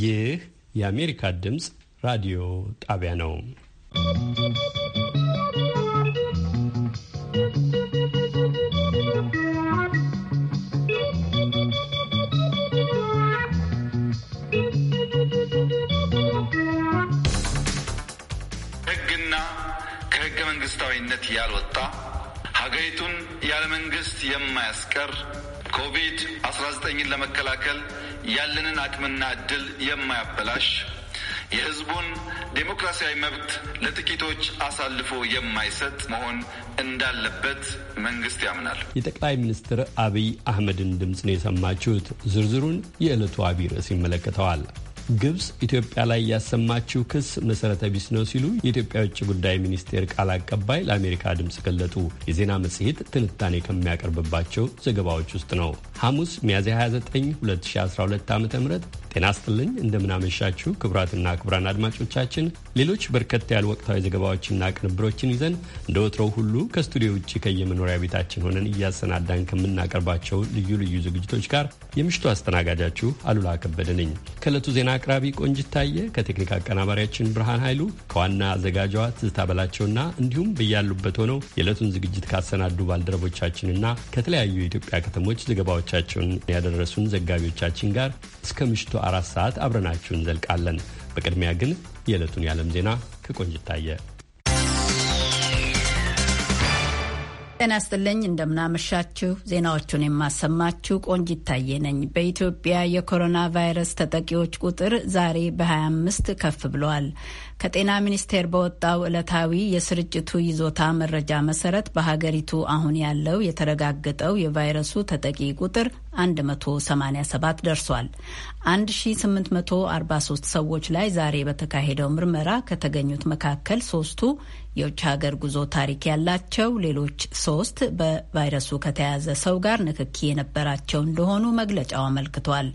ይህ የአሜሪካ ድምፅ ራዲዮ ጣቢያ ነው። ህግና ከህገ መንግስታዊነት ያልወጣ ሀገሪቱን ያለ የማያስቀር ኮቪድ-19ን ለመከላከል ያለንን አቅምና እድል የማያበላሽ የህዝቡን ዴሞክራሲያዊ መብት ለጥቂቶች አሳልፎ የማይሰጥ መሆን እንዳለበት መንግስት ያምናል። የጠቅላይ ሚኒስትር አብይ አህመድን ድምፅ ነው የሰማችሁት። ዝርዝሩን የዕለቱ አቢይ ርዕስ ይመለከተዋል። ግብጽ ኢትዮጵያ ላይ ያሰማችው ክስ መሰረተ ቢስ ነው ሲሉ የኢትዮጵያ የውጭ ጉዳይ ሚኒስቴር ቃል አቀባይ ለአሜሪካ ድምፅ ገለጡ። የዜና መጽሔት ትንታኔ ከሚያቀርብባቸው ዘገባዎች ውስጥ ነው። ሐሙስ ሚያዝያ 29 2012 ዓ ም ጤና ስጥልኝ፣ እንደምናመሻችሁ ክቡራትና ክቡራን አድማጮቻችን። ሌሎች በርከት ያሉ ወቅታዊ ዘገባዎችና ቅንብሮችን ይዘን እንደ ወትሮው ሁሉ ከስቱዲዮ ውጭ ከየመኖሪያ ቤታችን ሆነን እያሰናዳን ከምናቀርባቸው ልዩ ልዩ ዝግጅቶች ጋር የምሽቱ አስተናጋጃችሁ አሉላ ከበደ ነኝ። ከእለቱ ዜና አቅራቢ ቆንጅታየ ከቴክኒክ አቀናባሪያችን ብርሃን ኃይሉ፣ ከዋና አዘጋጇ ትዝታ በላቸውና እንዲሁም በያሉበት ሆነው የዕለቱን ዝግጅት ካሰናዱ ባልደረቦቻችንና ከተለያዩ የኢትዮጵያ ከተሞች ዘገባዎቻቸውን ያደረሱን ዘጋቢዎቻችን ጋር እስከ ምሽቱ አራት ሰዓት አብረናችሁ እንዘልቃለን። በቅድሚያ ግን የዕለቱን የዓለም ዜና ከቆንጅታየ። ጤና ስጥልኝ እንደምናመሻችሁ። ዜናዎቹን የማሰማችሁ ቆንጅ ይታየ ነኝ። በኢትዮጵያ የኮሮና ቫይረስ ተጠቂዎች ቁጥር ዛሬ በ25 ከፍ ብሏል። ከጤና ሚኒስቴር በወጣው ዕለታዊ የስርጭቱ ይዞታ መረጃ መሰረት በሀገሪቱ አሁን ያለው የተረጋገጠው የቫይረሱ ተጠቂ ቁጥር 187 ደርሷል። 1843 ሰዎች ላይ ዛሬ በተካሄደው ምርመራ ከተገኙት መካከል ሶስቱ የውጭ ሀገር ጉዞ ታሪክ ያላቸው ሌሎች ሶስት በቫይረሱ ከተያዘ ሰው ጋር ንክኪ የነበራቸው እንደሆኑ መግለጫው አመልክቷል።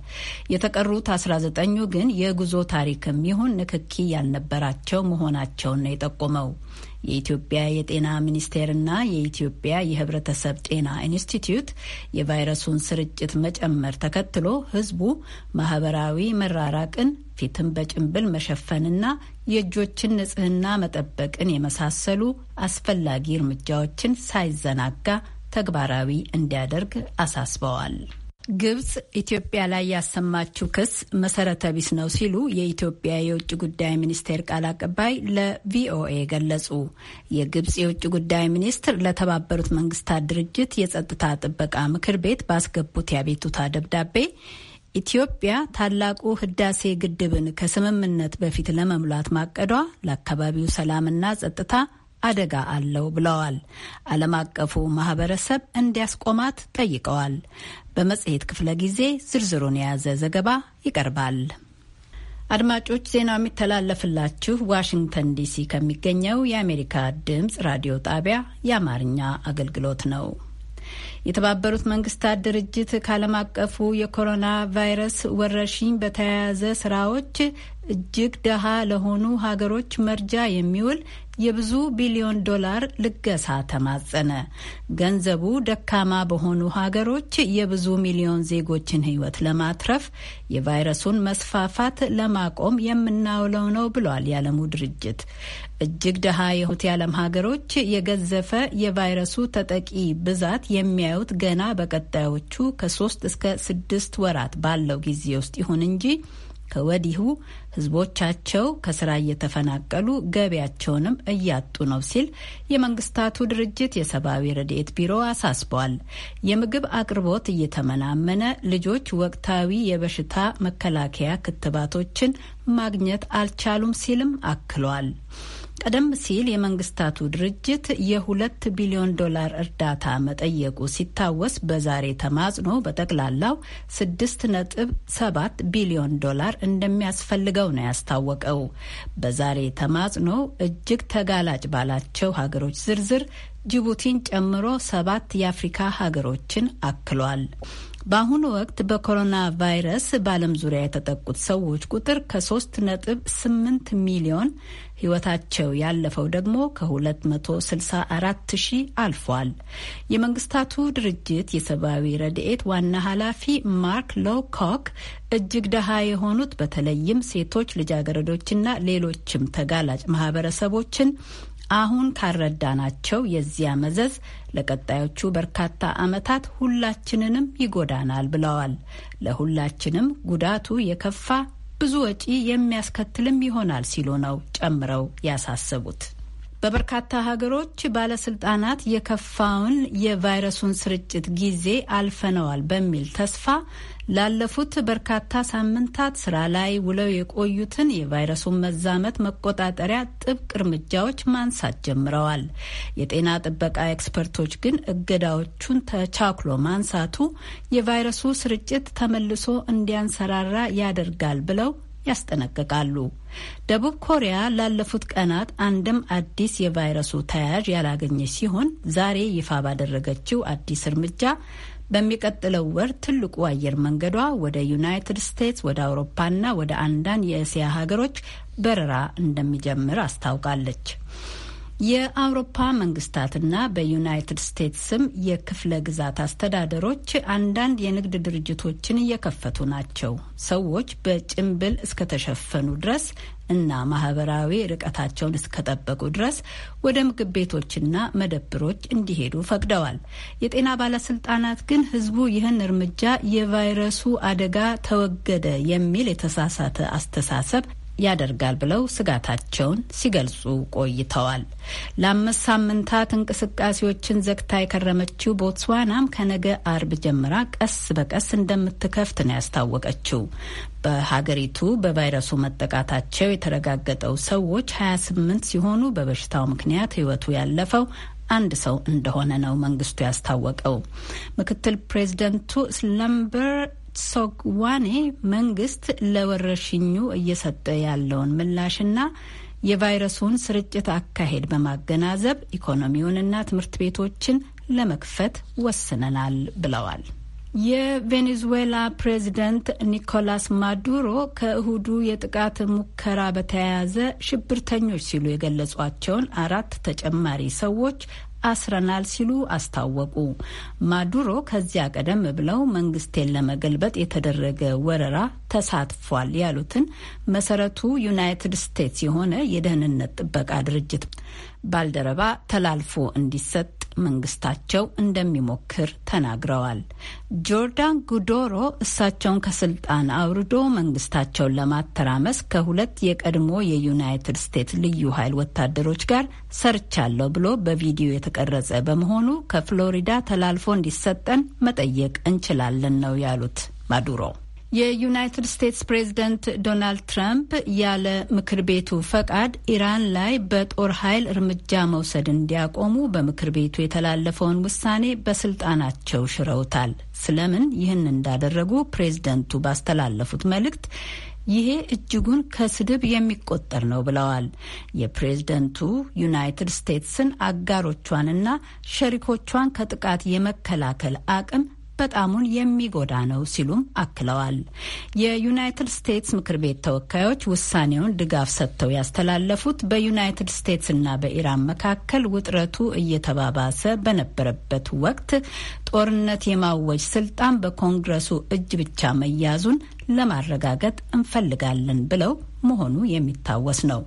የተቀሩት 19ኙ ግን የጉዞ ታሪክም ይሁን ንክኪ ያልነበራቸው መሆናቸውን ነው የጠቆመው። የኢትዮጵያ የጤና ሚኒስቴርና የኢትዮጵያ የሕብረተሰብ ጤና ኢንስቲትዩት የቫይረሱን ስርጭት መጨመር ተከትሎ ሕዝቡ ማህበራዊ መራራቅን ፊትን በጭንብል መሸፈንና የእጆችን ንጽህና መጠበቅን የመሳሰሉ አስፈላጊ እርምጃዎችን ሳይዘናጋ ተግባራዊ እንዲያደርግ አሳስበዋል። ግብጽ ኢትዮጵያ ላይ ያሰማችው ክስ መሰረተ ቢስ ነው ሲሉ የኢትዮጵያ የውጭ ጉዳይ ሚኒስቴር ቃል አቀባይ ለቪኦኤ ገለጹ። የግብጽ የውጭ ጉዳይ ሚኒስትር ለተባበሩት መንግስታት ድርጅት የጸጥታ ጥበቃ ምክር ቤት ባስገቡት ያቤቱታ ደብዳቤ ኢትዮጵያ ታላቁ ህዳሴ ግድብን ከስምምነት በፊት ለመሙላት ማቀዷ ለአካባቢው ሰላምና ጸጥታ አደጋ አለው ብለዋል። ዓለም አቀፉ ማህበረሰብ እንዲያስቆማት ጠይቀዋል። በመጽሔት ክፍለ ጊዜ ዝርዝሩን የያዘ ዘገባ ይቀርባል። አድማጮች፣ ዜናው የሚተላለፍላችሁ ዋሽንግተን ዲሲ ከሚገኘው የአሜሪካ ድምፅ ራዲዮ ጣቢያ የአማርኛ አገልግሎት ነው። የተባበሩት መንግስታት ድርጅት ከዓለም አቀፉ የኮሮና ቫይረስ ወረርሽኝ በተያያዘ ስራዎች እጅግ ደሃ ለሆኑ ሀገሮች መርጃ የሚውል የብዙ ቢሊዮን ዶላር ልገሳ ተማጸነ። ገንዘቡ ደካማ በሆኑ ሀገሮች የብዙ ሚሊዮን ዜጎችን ሕይወት ለማትረፍ የቫይረሱን መስፋፋት ለማቆም የምናውለው ነው ብሏል የዓለሙ ድርጅት። እጅግ ደሃ የሆኑት የዓለም ሀገሮች የገዘፈ የቫይረሱ ተጠቂ ብዛት የሚያዩት ገና በቀጣዮቹ ከሶስት እስከ ስድስት ወራት ባለው ጊዜ ውስጥ ይሁን እንጂ ከወዲሁ ህዝቦቻቸው ከስራ እየተፈናቀሉ ገቢያቸውንም እያጡ ነው ሲል የመንግስታቱ ድርጅት የሰብአዊ ረድኤት ቢሮ አሳስቧል። የምግብ አቅርቦት እየተመናመነ ልጆች ወቅታዊ የበሽታ መከላከያ ክትባቶችን ማግኘት አልቻሉም ሲልም አክሏል። ቀደም ሲል የመንግስታቱ ድርጅት የሁለት ቢሊዮን ዶላር እርዳታ መጠየቁ ሲታወስ በዛሬ ተማጽኖ በጠቅላላው ስድስት ነጥብ ሰባት ቢሊዮን ዶላር እንደሚያስፈልገው ነው ያስታወቀው። በዛሬ ተማጽኖ እጅግ ተጋላጭ ባላቸው ሀገሮች ዝርዝር ጅቡቲን ጨምሮ ሰባት የአፍሪካ ሀገሮችን አክሏል። በአሁኑ ወቅት በኮሮና ቫይረስ በዓለም ዙሪያ የተጠቁት ሰዎች ቁጥር ከሶስት ነጥብ ሚሊዮን ሕይወታቸው ያለፈው ደግሞ ከ264 ሺህ አልፏል። የመንግስታቱ ድርጅት የሰብአዊ ረድኤት ዋና ኃላፊ ማርክ ሎኮክ እጅግ ደሃ የሆኑት በተለይም ሴቶች፣ ልጃገረዶችና ሌሎችም ተጋላጭ ማህበረሰቦችን አሁን ካረዳናቸው የዚያ መዘዝ ለቀጣዮቹ በርካታ ዓመታት ሁላችንንም ይጎዳናል ብለዋል። ለሁላችንም ጉዳቱ የከፋ ብዙ ወጪ የሚያስከትልም ይሆናል ሲሉ ነው ጨምረው ያሳሰቡት። በበርካታ ሀገሮች ባለስልጣናት የከፋውን የቫይረሱን ስርጭት ጊዜ አልፈነዋል በሚል ተስፋ ላለፉት በርካታ ሳምንታት ስራ ላይ ውለው የቆዩትን የቫይረሱን መዛመት መቆጣጠሪያ ጥብቅ እርምጃዎች ማንሳት ጀምረዋል። የጤና ጥበቃ ኤክስፐርቶች ግን እገዳዎቹን ተቻክሎ ማንሳቱ የቫይረሱ ስርጭት ተመልሶ እንዲያንሰራራ ያደርጋል ብለው ያስጠነቅቃሉ። ደቡብ ኮሪያ ላለፉት ቀናት አንድም አዲስ የቫይረሱ ተያያዥ ያላገኘች ሲሆን ዛሬ ይፋ ባደረገችው አዲስ እርምጃ በሚቀጥለው ወር ትልቁ አየር መንገዷ ወደ ዩናይትድ ስቴትስ፣ ወደ አውሮፓና ወደ አንዳንድ የእስያ ሀገሮች በረራ እንደሚጀምር አስታውቃለች። የአውሮፓ መንግስታትና በዩናይትድ ስቴትስም የክፍለ ግዛት አስተዳደሮች አንዳንድ የንግድ ድርጅቶችን እየከፈቱ ናቸው። ሰዎች በጭንብል እስከተሸፈኑ ድረስ እና ማህበራዊ ርቀታቸውን እስከጠበቁ ድረስ ወደ ምግብ ቤቶችና መደብሮች እንዲሄዱ ፈቅደዋል። የጤና ባለስልጣናት ግን ህዝቡ ይህን እርምጃ የቫይረሱ አደጋ ተወገደ የሚል የተሳሳተ አስተሳሰብ ያደርጋል ብለው ስጋታቸውን ሲገልጹ ቆይተዋል። ለአምስት ሳምንታት እንቅስቃሴዎችን ዘግታ የከረመችው ቦትስዋናም ከነገ አርብ ጀምራ ቀስ በቀስ እንደምትከፍት ነው ያስታወቀችው። በሀገሪቱ በቫይረሱ መጠቃታቸው የተረጋገጠው ሰዎች 28 ሲሆኑ በበሽታው ምክንያት ሕይወቱ ያለፈው አንድ ሰው እንደሆነ ነው መንግስቱ ያስታወቀው። ምክትል ፕሬዚደንቱ ስለምበር ሶግዋኔ መንግስት ለወረርሽኙ እየሰጠ ያለውን ምላሽና የቫይረሱን ስርጭት አካሄድ በማገናዘብ ኢኮኖሚውንና ትምህርት ቤቶችን ለመክፈት ወስነናል ብለዋል። የቬኔዙዌላ ፕሬዚደንት ኒኮላስ ማዱሮ ከእሁዱ የጥቃት ሙከራ በተያያዘ ሽብርተኞች ሲሉ የገለጿቸውን አራት ተጨማሪ ሰዎች አስረናል ሲሉ አስታወቁ። ማዱሮ ከዚያ ቀደም ብለው መንግስቴን ለመገልበጥ የተደረገ ወረራ ተሳትፏል ያሉትን መሰረቱ ዩናይትድ ስቴትስ የሆነ የደህንነት ጥበቃ ድርጅት ባልደረባ ተላልፎ እንዲሰጥ መንግስታቸው እንደሚሞክር ተናግረዋል። ጆርዳን ጉዶሮ እሳቸውን ከስልጣን አውርዶ መንግስታቸውን ለማተራመስ ከሁለት የቀድሞ የዩናይትድ ስቴትስ ልዩ ኃይል ወታደሮች ጋር ሰርቻለሁ ብሎ በቪዲዮ የተቀረጸ በመሆኑ ከፍሎሪዳ ተላልፎ እንዲሰጠን መጠየቅ እንችላለን ነው ያሉት ማዱሮ የዩናይትድ ስቴትስ ፕሬዝደንት ዶናልድ ትራምፕ ያለ ምክር ቤቱ ፈቃድ ኢራን ላይ በጦር ኃይል እርምጃ መውሰድ እንዲያቆሙ በምክር ቤቱ የተላለፈውን ውሳኔ በስልጣናቸው ሽረውታል። ስለምን ይህን እንዳደረጉ ፕሬዝደንቱ ባስተላለፉት መልእክት ይሄ እጅጉን ከስድብ የሚቆጠር ነው ብለዋል። የፕሬዝደንቱ ዩናይትድ ስቴትስን አጋሮቿንና ሸሪኮቿን ከጥቃት የመከላከል አቅም በጣሙን የሚጎዳ ነው ሲሉም አክለዋል። የዩናይትድ ስቴትስ ምክር ቤት ተወካዮች ውሳኔውን ድጋፍ ሰጥተው ያስተላለፉት በዩናይትድ ስቴትስና በኢራን መካከል ውጥረቱ እየተባባሰ በነበረበት ወቅት ጦርነት የማወጅ ስልጣን በኮንግረሱ እጅ ብቻ መያዙን ለማረጋገጥ እንፈልጋለን ብለው መሆኑ የሚታወስ ነው።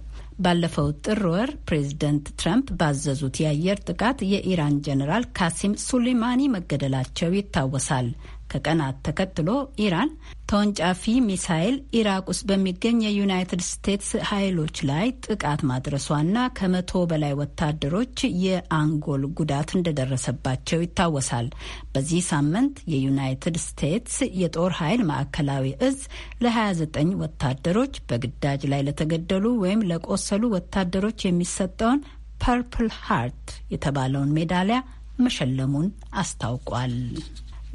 ባለፈው ጥር ወር ፕሬዝደንት ትራምፕ ባዘዙት የአየር ጥቃት የኢራን ጀኔራል ካሲም ሱሌማኒ መገደላቸው ይታወሳል። ከቀናት ተከትሎ ኢራን ተወንጫፊ ሚሳይል ኢራቅ ውስጥ በሚገኝ የዩናይትድ ስቴትስ ኃይሎች ላይ ጥቃት ማድረሷና ከመቶ በላይ ወታደሮች የአንጎል ጉዳት እንደደረሰባቸው ይታወሳል። በዚህ ሳምንት የዩናይትድ ስቴትስ የጦር ኃይል ማዕከላዊ እዝ ለ29 ወታደሮች በግዳጅ ላይ ለተገደሉ ወይም ለቆሰሉ ወታደሮች የሚሰጠውን ፐርፕል ሃርት የተባለውን ሜዳሊያ መሸለሙን አስታውቋል።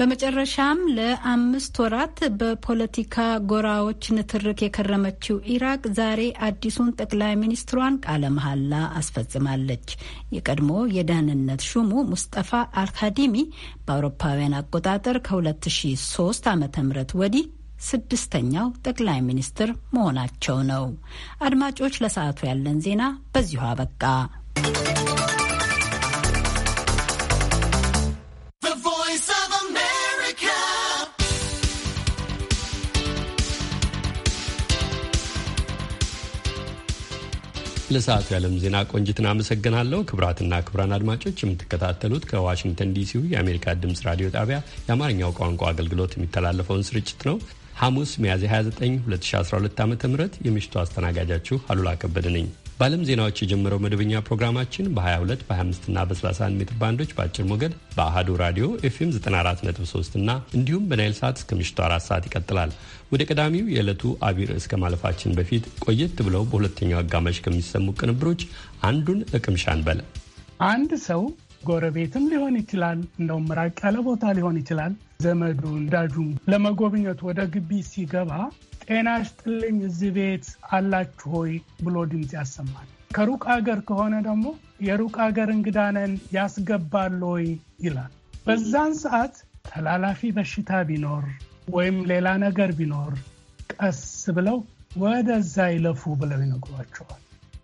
በመጨረሻም ለአምስት ወራት በፖለቲካ ጎራዎች ንትርክ የከረመችው ኢራቅ ዛሬ አዲሱን ጠቅላይ ሚኒስትሯን ቃለ መሐላ አስፈጽማለች። የቀድሞ የደህንነት ሹሙ ሙስጠፋ አልካዲሚ በአውሮፓውያን አቆጣጠር ከ2003 ዓ ም ወዲህ ስድስተኛው ጠቅላይ ሚኒስትር መሆናቸው ነው። አድማጮች፣ ለሰዓቱ ያለን ዜና በዚሁ አበቃ። ለሰዓቱ የዓለም ዜና ቆንጅትን አመሰግናለሁ። ክብራትና ክብራን አድማጮች የምትከታተሉት ከዋሽንግተን ዲሲው የአሜሪካ ድምፅ ራዲዮ ጣቢያ የአማርኛው ቋንቋ አገልግሎት የሚተላለፈውን ስርጭት ነው። ሐሙስ ሚያዝያ 29 2012 ዓ ም የምሽቱ አስተናጋጃችሁ አሉላ ከበደ ነኝ። በዓለም ዜናዎች የጀመረው መደበኛ ፕሮግራማችን በ22 በ25 እና በ31 ሜትር ባንዶች በአጭር ሞገድ በአሃዱ ራዲዮ ኤፍኤም 94.3 እና እንዲሁም በናይል ሰዓት እስከ ምሽቱ አራት ሰዓት ይቀጥላል። ወደ ቀዳሚው የዕለቱ አቢይ ርዕስ ከማለፋችን በፊት ቆየት ብለው በሁለተኛው አጋማሽ ከሚሰሙ ቅንብሮች አንዱን እቅምሻን በለ አንድ ሰው ጎረቤትም ሊሆን ይችላል፣ እንደውም ራቅ ያለ ቦታ ሊሆን ይችላል። ዘመዱ ዳጁን ለመጎብኘት ወደ ግቢ ሲገባ ጤና ይስጥልኝ እዚህ ቤት አላችሁ ሆይ ብሎ ድምፅ ያሰማል። ከሩቅ አገር ከሆነ ደግሞ የሩቅ አገር እንግዳነን ያስገባል ወይ ይላል። በዛን ሰዓት ተላላፊ በሽታ ቢኖር ወይም ሌላ ነገር ቢኖር ቀስ ብለው ወደዛ ይለፉ ብለው ይነግሯቸዋል።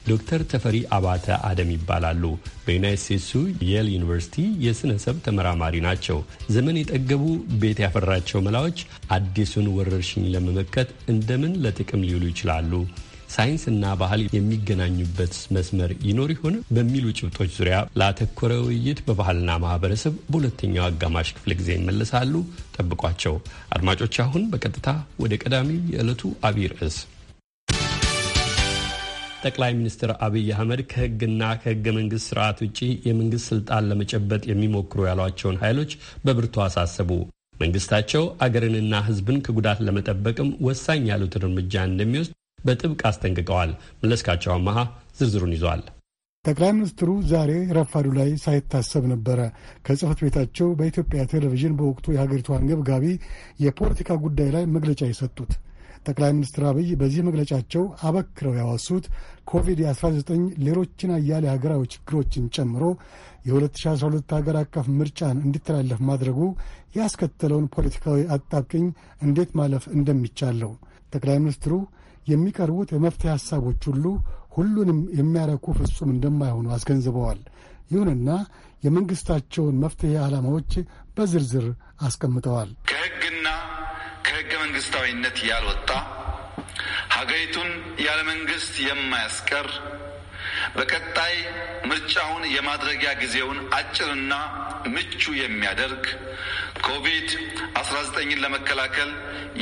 ዶክተር ተፈሪ አባተ አደም ይባላሉ። በዩናይት ስቴትሱ የል ዩኒቨርሲቲ የሥነ ሰብ ተመራማሪ ናቸው። ዘመን የጠገቡ ቤት ያፈራቸው መላዎች አዲሱን ወረርሽኝ ለመመከት እንደምን ለጥቅም ሊውሉ ይችላሉ? ሳይንስና ባህል የሚገናኙበት መስመር ይኖር ይሆን በሚሉ ጭብጦች ዙሪያ ላተኮረ ውይይት በባህልና ማህበረሰብ በሁለተኛው አጋማሽ ክፍለ ጊዜ ይመለሳሉ። ጠብቋቸው አድማጮች። አሁን በቀጥታ ወደ ቀዳሚው የዕለቱ አብይ ርዕስ ጠቅላይ ሚኒስትር አብይ አህመድ ከህግና ከህገ መንግስት ስርዓት ውጪ የመንግስት ስልጣን ለመጨበጥ የሚሞክሩ ያሏቸውን ኃይሎች በብርቱ አሳሰቡ። መንግስታቸው አገርንና ህዝብን ከጉዳት ለመጠበቅም ወሳኝ ያሉትን እርምጃ እንደሚወስድ በጥብቅ አስጠንቅቀዋል። መለስካቸው አመሃ ዝርዝሩን ይዟል። ጠቅላይ ሚኒስትሩ ዛሬ ረፋዱ ላይ ሳይታሰብ ነበረ ከጽህፈት ቤታቸው በኢትዮጵያ ቴሌቪዥን በወቅቱ የሀገሪቱ አንገብጋቢ የፖለቲካ ጉዳይ ላይ መግለጫ የሰጡት ጠቅላይ ሚኒስትር አብይ በዚህ መግለጫቸው አበክረው ያወሱት ኮቪድ-19 ሌሎችን አያሌ ሀገራዊ ችግሮችን ጨምሮ የ2012 ሀገር አቀፍ ምርጫን እንዲተላለፍ ማድረጉ ያስከተለውን ፖለቲካዊ አጣብቅኝ እንዴት ማለፍ እንደሚቻል ጠቅላይ ሚኒስትሩ የሚቀርቡት የመፍትሄ ሐሳቦች ሁሉ ሁሉንም የሚያረኩ ፍጹም እንደማይሆኑ አስገንዝበዋል። ይሁንና የመንግሥታቸውን መፍትሄ ዓላማዎች በዝርዝር አስቀምጠዋል። ከሕግና ከሕገ መንግሥታዊነት ያልወጣ ሀገሪቱን ያለ መንግሥት የማያስቀር በቀጣይ ምርጫውን የማድረጊያ ጊዜውን አጭርና ምቹ የሚያደርግ ኮቪድ 19ን ለመከላከል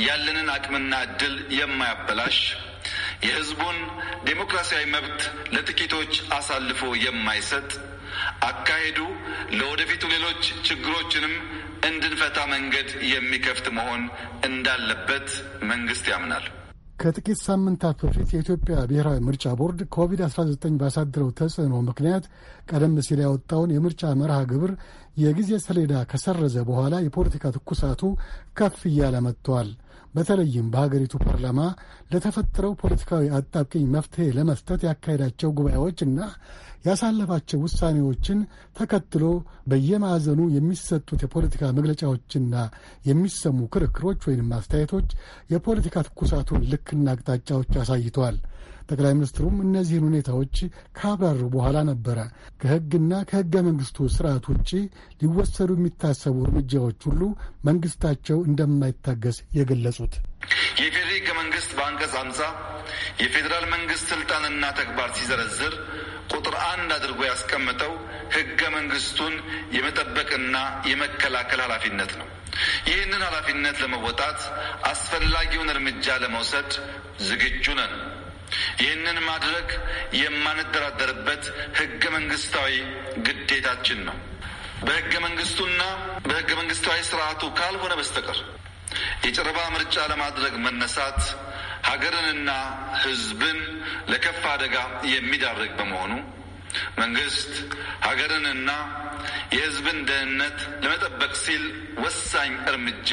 ያለንን አቅምና እድል የማያበላሽ የሕዝቡን ዴሞክራሲያዊ መብት ለጥቂቶች አሳልፎ የማይሰጥ አካሄዱ ለወደፊቱ ሌሎች ችግሮችንም እንድንፈታ መንገድ የሚከፍት መሆን እንዳለበት መንግስት ያምናል። ከጥቂት ሳምንታት በፊት የኢትዮጵያ ብሔራዊ ምርጫ ቦርድ ኮቪድ-19 ባሳድረው ተጽዕኖ ምክንያት ቀደም ሲል ያወጣውን የምርጫ መርሃ ግብር የጊዜ ሰሌዳ ከሰረዘ በኋላ የፖለቲካ ትኩሳቱ ከፍ እያለ መጥቷል። በተለይም በሀገሪቱ ፓርላማ ለተፈጠረው ፖለቲካዊ አጣብቅኝ መፍትሄ ለመስጠት ያካሄዳቸው ጉባኤዎች እና ያሳለፋቸው ውሳኔዎችን ተከትሎ በየማዕዘኑ የሚሰጡት የፖለቲካ መግለጫዎችና የሚሰሙ ክርክሮች ወይም አስተያየቶች የፖለቲካ ትኩሳቱን ልክና አቅጣጫዎች አሳይተዋል። ጠቅላይ ሚኒስትሩም እነዚህን ሁኔታዎች ካብራሩ በኋላ ነበረ ከህግና ከህገ መንግስቱ ስርዓት ውጭ ሊወሰዱ የሚታሰቡ እርምጃዎች ሁሉ መንግስታቸው እንደማይታገስ የገለጹት የፌዴሪ ህገ መንግስት በአንቀጽ አምሳ የፌዴራል መንግስት ስልጣንና ተግባር ሲዘረዝር ቁጥር አንድ አድርጎ ያስቀመጠው ህገ መንግስቱን የመጠበቅና የመከላከል ኃላፊነት ነው። ይህንን ኃላፊነት ለመወጣት አስፈላጊውን እርምጃ ለመውሰድ ዝግጁ ነን። ይህንን ማድረግ የማንደራደርበት ህገ መንግስታዊ ግዴታችን ነው። በህገ መንግስቱና በህገ መንግስታዊ ስርዓቱ ካልሆነ በስተቀር የጨረባ ምርጫ ለማድረግ መነሳት ሀገርንና ህዝብን ለከፍ አደጋ የሚዳርግ በመሆኑ መንግስት ሀገርንና የህዝብን ደህንነት ለመጠበቅ ሲል ወሳኝ እርምጃ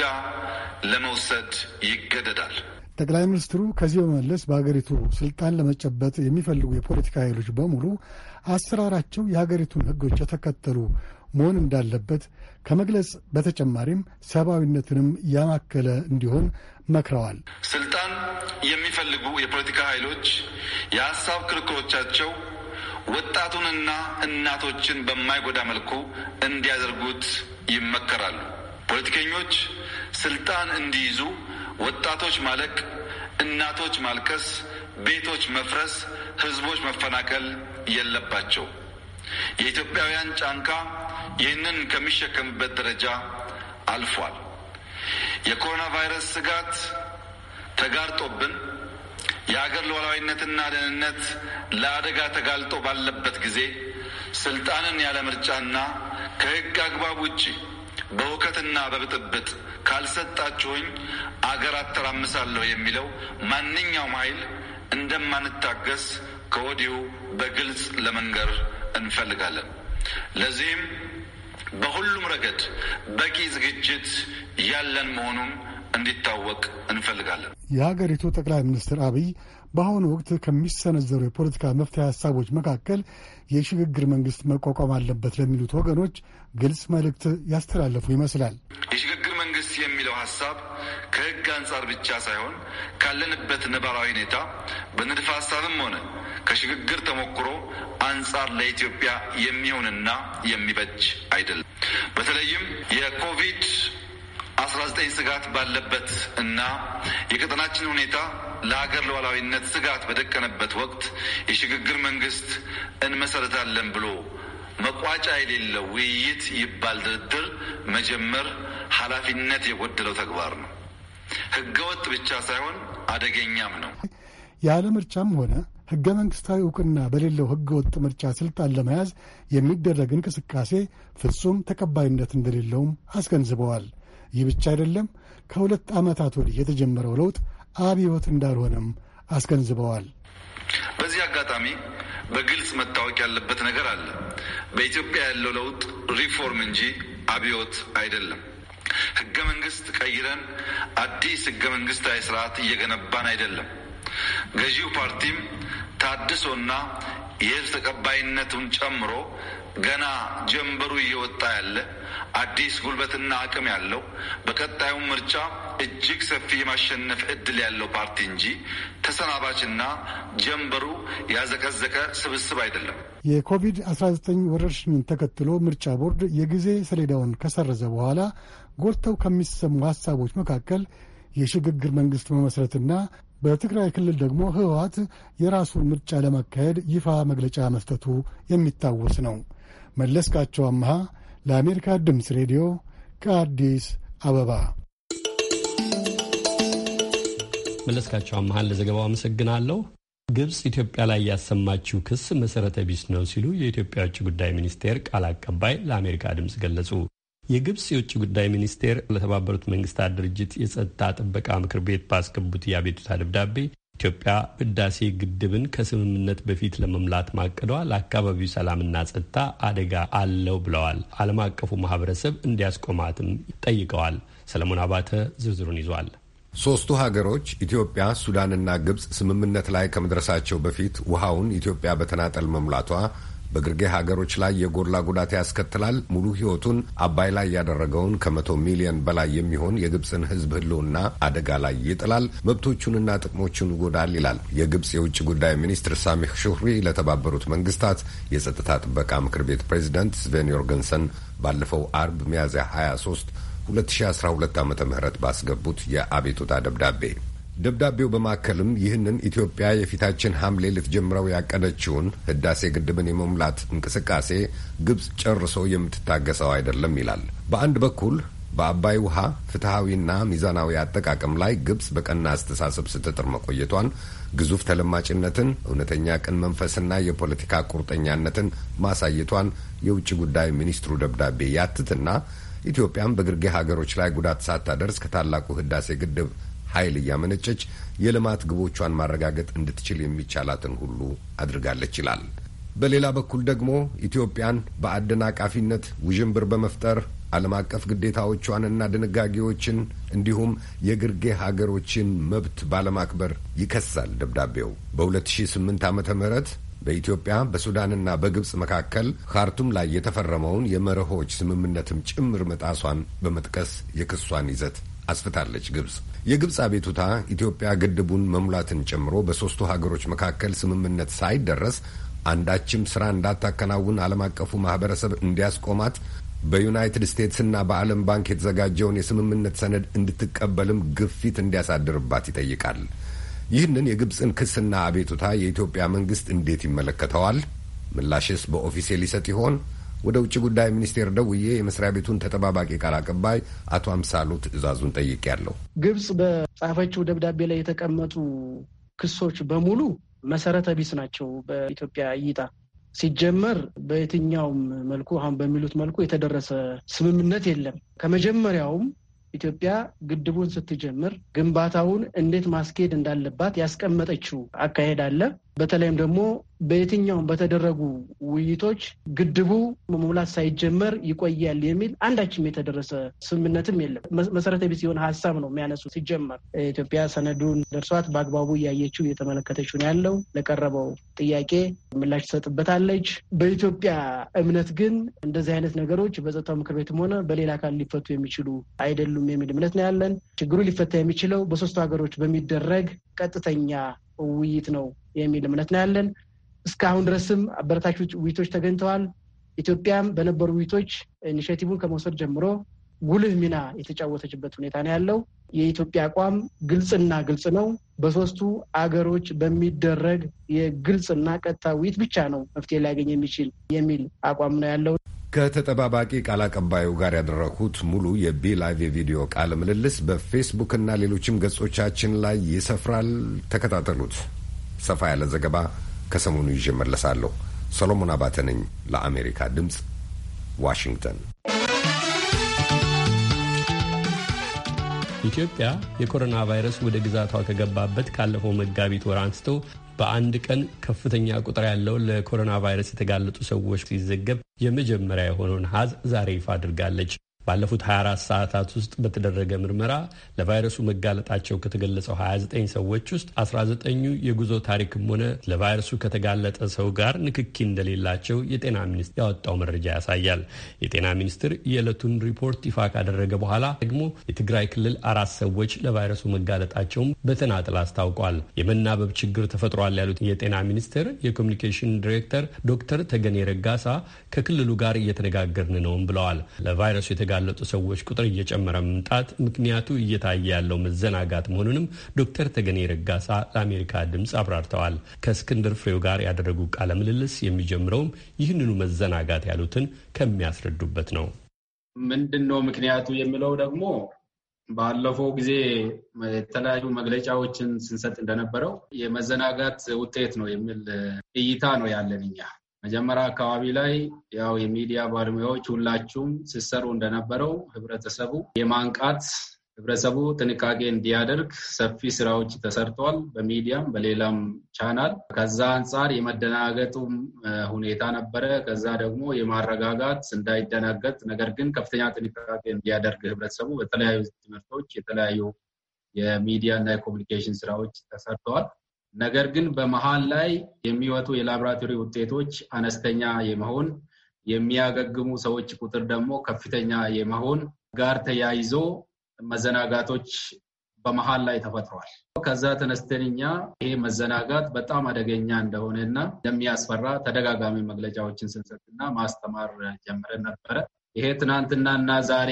ለመውሰድ ይገደዳል። ጠቅላይ ሚኒስትሩ ከዚህ በመለስ በሀገሪቱ ስልጣን ለመጨበጥ የሚፈልጉ የፖለቲካ ኃይሎች በሙሉ አሰራራቸው የሀገሪቱን ሕጎች የተከተሉ መሆን እንዳለበት ከመግለጽ በተጨማሪም ሰብአዊነትንም ያማከለ እንዲሆን መክረዋል። ስልጣን የሚፈልጉ የፖለቲካ ኃይሎች የሀሳብ ክርክሮቻቸው ወጣቱንና እናቶችን በማይጎዳ መልኩ እንዲያደርጉት ይመከራሉ። ፖለቲከኞች ስልጣን እንዲይዙ ወጣቶች ማለቅ፣ እናቶች ማልቀስ፣ ቤቶች መፍረስ፣ ህዝቦች መፈናቀል የለባቸው። የኢትዮጵያውያን ጫንካ ይህንን ከሚሸከምበት ደረጃ አልፏል። የኮሮና ቫይረስ ስጋት ተጋርጦብን የአገር ሉዓላዊነትና ደህንነት ለአደጋ ተጋልጦ ባለበት ጊዜ ስልጣንን ያለ ምርጫና ከህግ አግባብ ውጪ በውከትና በብጥብጥ ካልሰጣችሁኝ አገር አተራምሳለሁ የሚለው ማንኛውም ኃይል እንደማንታገስ ከወዲሁ በግልጽ ለመንገር እንፈልጋለን። ለዚህም በሁሉም ረገድ በቂ ዝግጅት ያለን መሆኑን እንዲታወቅ እንፈልጋለን። የሀገሪቱ ጠቅላይ ሚኒስትር አብይ በአሁኑ ወቅት ከሚሰነዘሩ የፖለቲካ መፍትሄ ሀሳቦች መካከል የሽግግር መንግስት መቋቋም አለበት ለሚሉት ወገኖች ግልጽ መልእክት ያስተላለፉ ይመስላል። የሽግግር መንግስት የሚለው ሀሳብ ከህግ አንጻር ብቻ ሳይሆን ካለንበት ነባራዊ ሁኔታ በንድፈ ሀሳብም ሆነ ከሽግግር ተሞክሮ አንጻር ለኢትዮጵያ የሚሆንና የሚበጅ አይደለም። በተለይም የኮቪድ አስራ ስጋት ባለበት እና የቀጠናችን ሁኔታ ለሀገር ሉዓላዊነት ስጋት በደቀነበት ወቅት የሽግግር መንግስት እንመሰረታለን ብሎ መቋጫ የሌለው ውይይት ይባል ድርድር መጀመር ኃላፊነት የጎደለው ተግባር ነው። ህገወጥ ብቻ ሳይሆን አደገኛም ነው። ያለ ምርጫም ሆነ ህገ መንግስታዊ እውቅና በሌለው ህገ ወጥ ምርጫ ስልጣን ለመያዝ የሚደረግ እንቅስቃሴ ፍጹም ተቀባይነት እንደሌለውም አስገንዝበዋል። ይህ ብቻ አይደለም፣ ከሁለት ዓመታት ወዲህ የተጀመረው ለውጥ አብዮት እንዳልሆነም አስገንዝበዋል። በዚህ አጋጣሚ በግልጽ መታወቅ ያለበት ነገር አለ። በኢትዮጵያ ያለው ለውጥ ሪፎርም እንጂ አብዮት አይደለም። ህገ መንግስት ቀይረን አዲስ ህገ መንግስታዊ ስርዓት እየገነባን አይደለም። ገዢው ፓርቲም ታድሶና የህዝብ ተቀባይነቱን ጨምሮ ገና ጀንበሩ እየወጣ ያለ አዲስ ጉልበትና አቅም ያለው በቀጣዩም ምርጫ እጅግ ሰፊ የማሸነፍ እድል ያለው ፓርቲ እንጂ ተሰናባችና ጀንበሩ ያዘቀዘቀ ስብስብ አይደለም። የኮቪድ-19 ወረርሽኝን ተከትሎ ምርጫ ቦርድ የጊዜ ሰሌዳውን ከሰረዘ በኋላ ጎልተው ከሚሰሙ ሀሳቦች መካከል የሽግግር መንግስት መመስረትና በትግራይ ክልል ደግሞ ህወሀት የራሱን ምርጫ ለማካሄድ ይፋ መግለጫ መስጠቱ የሚታወስ ነው። መለስካቸው አምሃ ለአሜሪካ ድምፅ ሬዲዮ ከአዲስ አበባ። መለስካቸው አምሃን ለዘገባው አመሰግናለሁ። ግብፅ ኢትዮጵያ ላይ ያሰማችው ክስ መሰረተ ቢስ ነው ሲሉ የኢትዮጵያ ውጭ ጉዳይ ሚኒስቴር ቃል አቀባይ ለአሜሪካ ድምፅ ገለጹ። የግብፅ የውጭ ጉዳይ ሚኒስቴር ለተባበሩት መንግስታት ድርጅት የጸጥታ ጥበቃ ምክር ቤት ባስገቡት የአቤቱታ ደብዳቤ ኢትዮጵያ ህዳሴ ግድብን ከስምምነት በፊት ለመምላት ማቀዷ ለአካባቢው ሰላምና ጸጥታ አደጋ አለው ብለዋል። ዓለም አቀፉ ማህበረሰብ እንዲያስቆማትም ጠይቀዋል። ሰለሞን አባተ ዝርዝሩን ይዟል። ሦስቱ ሀገሮች ኢትዮጵያ፣ ሱዳንና ግብፅ ስምምነት ላይ ከመድረሳቸው በፊት ውሃውን ኢትዮጵያ በተናጠል መሙላቷ በግርጌ ሀገሮች ላይ የጎላ ጉዳት ያስከትላል። ሙሉ ሕይወቱን አባይ ላይ ያደረገውን ከመቶ ሚሊዮን በላይ የሚሆን የግብፅን ሕዝብ ህልውና አደጋ ላይ ይጥላል፣ መብቶቹንና ጥቅሞቹን ይጎዳል ይላል የግብፅ የውጭ ጉዳይ ሚኒስትር ሳሚህ ሹሪ ለተባበሩት መንግስታት የጸጥታ ጥበቃ ምክር ቤት ፕሬዚደንት ስቬን ዮርገንሰን ባለፈው አርብ ሚያዝያ 23 2012 ዓ ም ባስገቡት የአቤቱታ ደብዳቤ ደብዳቤው በማከልም ይህንን ኢትዮጵያ የፊታችን ሐምሌ ልትጀምረው ያቀደችውን ህዳሴ ግድብን የመሙላት እንቅስቃሴ ግብፅ ጨርሶ የምትታገሰው አይደለም ይላል። በአንድ በኩል በአባይ ውሃ ፍትሐዊና ሚዛናዊ አጠቃቀም ላይ ግብፅ በቀና አስተሳሰብ ስትጥር መቆየቷን ግዙፍ ተለማጭነትን፣ እውነተኛ ቅን መንፈስና የፖለቲካ ቁርጠኛነትን ማሳየቷን የውጭ ጉዳይ ሚኒስትሩ ደብዳቤ ያትትና ኢትዮጵያም በግርጌ ሀገሮች ላይ ጉዳት ሳታደርስ ከታላቁ ህዳሴ ግድብ ኃይል እያመነጨች የልማት ግቦቿን ማረጋገጥ እንድትችል የሚቻላትን ሁሉ አድርጋለች ይላል። በሌላ በኩል ደግሞ ኢትዮጵያን በአደናቃፊነት ውዥንብር በመፍጠር ዓለም አቀፍ ግዴታዎቿንና ድንጋጌዎችን እንዲሁም የግርጌ ሀገሮችን መብት ባለማክበር ይከሳል ደብዳቤው። በ2008 ዓ ም በኢትዮጵያ በሱዳንና በግብፅ መካከል ካርቱም ላይ የተፈረመውን የመርሆች ስምምነትም ጭምር መጣሷን በመጥቀስ የክሷን ይዘት አስፍታለች ግብፅ። የግብፅ አቤቱታ ኢትዮጵያ ግድቡን መሙላትን ጨምሮ በሦስቱ ሀገሮች መካከል ስምምነት ሳይደረስ አንዳችም ስራ እንዳታከናውን ዓለም አቀፉ ማህበረሰብ እንዲያስቆማት በዩናይትድ ስቴትስና በዓለም ባንክ የተዘጋጀውን የስምምነት ሰነድ እንድትቀበልም ግፊት እንዲያሳድርባት ይጠይቃል። ይህንን የግብፅን ክስና አቤቱታ የኢትዮጵያ መንግስት እንዴት ይመለከተዋል? ምላሽስ በኦፊሴል ይሰጥ ይሆን? ወደ ውጭ ጉዳይ ሚኒስቴር ደውዬ የመስሪያ ቤቱን ተጠባባቂ ቃል አቀባይ አቶ አምሳሉ ትዕዛዙን ያለው ግብጽ በጻፈችው ደብዳቤ ላይ የተቀመጡ ክሶች በሙሉ መሰረተ ቢስ ናቸው። በኢትዮጵያ እይታ ሲጀመር በየትኛውም መልኩ አሁን በሚሉት መልኩ የተደረሰ ስምምነት የለም። ከመጀመሪያውም ኢትዮጵያ ግድቡን ስትጀምር ግንባታውን እንዴት ማስኬድ እንዳለባት ያስቀመጠችው አካሄድ አለ። በተለይም ደግሞ በየትኛውም በተደረጉ ውይይቶች ግድቡ መሙላት ሳይጀመር ይቆያል የሚል አንዳችም የተደረሰ ስምምነትም የለም። መሰረተ ቢስ የሆነ ሀሳብ ነው የሚያነሱ ሲጀመር ኢትዮጵያ ሰነዱን ደርሷት በአግባቡ እያየችው እየተመለከተችው ነው ያለው። ለቀረበው ጥያቄ ምላሽ ትሰጥበታለች። በኢትዮጵያ እምነት ግን እንደዚህ አይነት ነገሮች በጸጥታው ምክር ቤትም ሆነ በሌላ አካል ሊፈቱ የሚችሉ አይደሉም የሚል እምነት ነው ያለን። ችግሩ ሊፈታ የሚችለው በሶስቱ ሀገሮች በሚደረግ ቀጥተኛ ውይይት ነው የሚል እምነት ነው ያለን። እስካሁን ድረስም አበረታች ውይይቶች ተገኝተዋል። ኢትዮጵያም በነበሩ ውይይቶች ኢኒሽቲቭን ከመውሰድ ጀምሮ ጉልህ ሚና የተጫወተችበት ሁኔታ ነው ያለው። የኢትዮጵያ አቋም ግልጽና ግልጽ ነው። በሶስቱ አገሮች በሚደረግ የግልጽና ቀጥታ ውይይት ብቻ ነው መፍትሄ ሊያገኝ የሚችል የሚል አቋም ነው ያለው። ከተጠባባቂ ቃል አቀባዩ ጋር ያደረኩት ሙሉ የቢ ላይቭ የቪዲዮ ቃለ ምልልስ በፌስቡክና ሌሎችም ገጾቻችን ላይ ይሰፍራል። ተከታተሉት። ሰፋ ያለ ዘገባ ከሰሞኑ ይዤ ሰሎሞን አባተ ነኝ ለአሜሪካ ድምፅ ዋሽንግተን። ኢትዮጵያ የኮሮና ቫይረስ ወደ ግዛቷ ከገባበት ካለፈው መጋቢት ወር አንስቶ በአንድ ቀን ከፍተኛ ቁጥር ያለው ለኮሮና ቫይረስ የተጋለጡ ሰዎች ሲዘገብ የመጀመሪያ የሆነውን ሀዝ ዛሬ ይፋ አድርጋለች። ባለፉት 24 ሰዓታት ውስጥ በተደረገ ምርመራ ለቫይረሱ መጋለጣቸው ከተገለጸው 29 ሰዎች ውስጥ 19ኙ የጉዞ ታሪክም ሆነ ለቫይረሱ ከተጋለጠ ሰው ጋር ንክኪ እንደሌላቸው የጤና ሚኒስቴር ያወጣው መረጃ ያሳያል። የጤና ሚኒስቴር የዕለቱን ሪፖርት ይፋ ካደረገ በኋላ ደግሞ የትግራይ ክልል አራት ሰዎች ለቫይረሱ መጋለጣቸውም በተናጥል አስታውቋል። የመናበብ ችግር ተፈጥሯል ያሉት የጤና ሚኒስቴር የኮሚኒኬሽን ዲሬክተር ዶክተር ተገኔ ረጋሳ ከክልሉ ጋር እየተነጋገርን ነውም ብለዋል። ለቫይረሱ የተጋለጡ ሰዎች ቁጥር እየጨመረ መምጣት ምክንያቱ እየታየ ያለው መዘናጋት መሆኑንም ዶክተር ተገኔ ረጋሳ ለአሜሪካ ድምፅ አብራርተዋል። ከእስክንድር ፍሬው ጋር ያደረጉ ቃለ ምልልስ የሚጀምረውም ይህንኑ መዘናጋት ያሉትን ከሚያስረዱበት ነው። ምንድን ነው ምክንያቱ የሚለው ደግሞ ባለፈው ጊዜ የተለያዩ መግለጫዎችን ስንሰጥ እንደነበረው የመዘናጋት ውጤት ነው የሚል እይታ ነው ያለን እኛ መጀመሪያ አካባቢ ላይ ያው የሚዲያ ባለሙያዎች ሁላችሁም ሲሰሩ እንደነበረው ህብረተሰቡ የማንቃት ህብረተሰቡ ጥንቃቄ እንዲያደርግ ሰፊ ስራዎች ተሰርተዋል። በሚዲያም በሌላም ቻናል ከዛ አንጻር የመደናገጡም ሁኔታ ነበረ። ከዛ ደግሞ የማረጋጋት እንዳይደናገጥ፣ ነገር ግን ከፍተኛ ጥንቃቄ እንዲያደርግ ህብረተሰቡ በተለያዩ ትምህርቶች የተለያዩ የሚዲያ እና የኮሚኒኬሽን ስራዎች ተሰርተዋል። ነገር ግን በመሀል ላይ የሚወጡ የላቦራቶሪ ውጤቶች አነስተኛ የመሆን የሚያገግሙ ሰዎች ቁጥር ደግሞ ከፍተኛ የመሆን ጋር ተያይዞ መዘናጋቶች በመሀል ላይ ተፈጥሯል። ከዛ ተነስተን እኛ ይሄ መዘናጋት በጣም አደገኛ እንደሆነ እና እንደሚያስፈራ ተደጋጋሚ መግለጫዎችን ስንሰጥና ማስተማር ጀምረን ነበረ። ይሄ ትናንትናና ዛሬ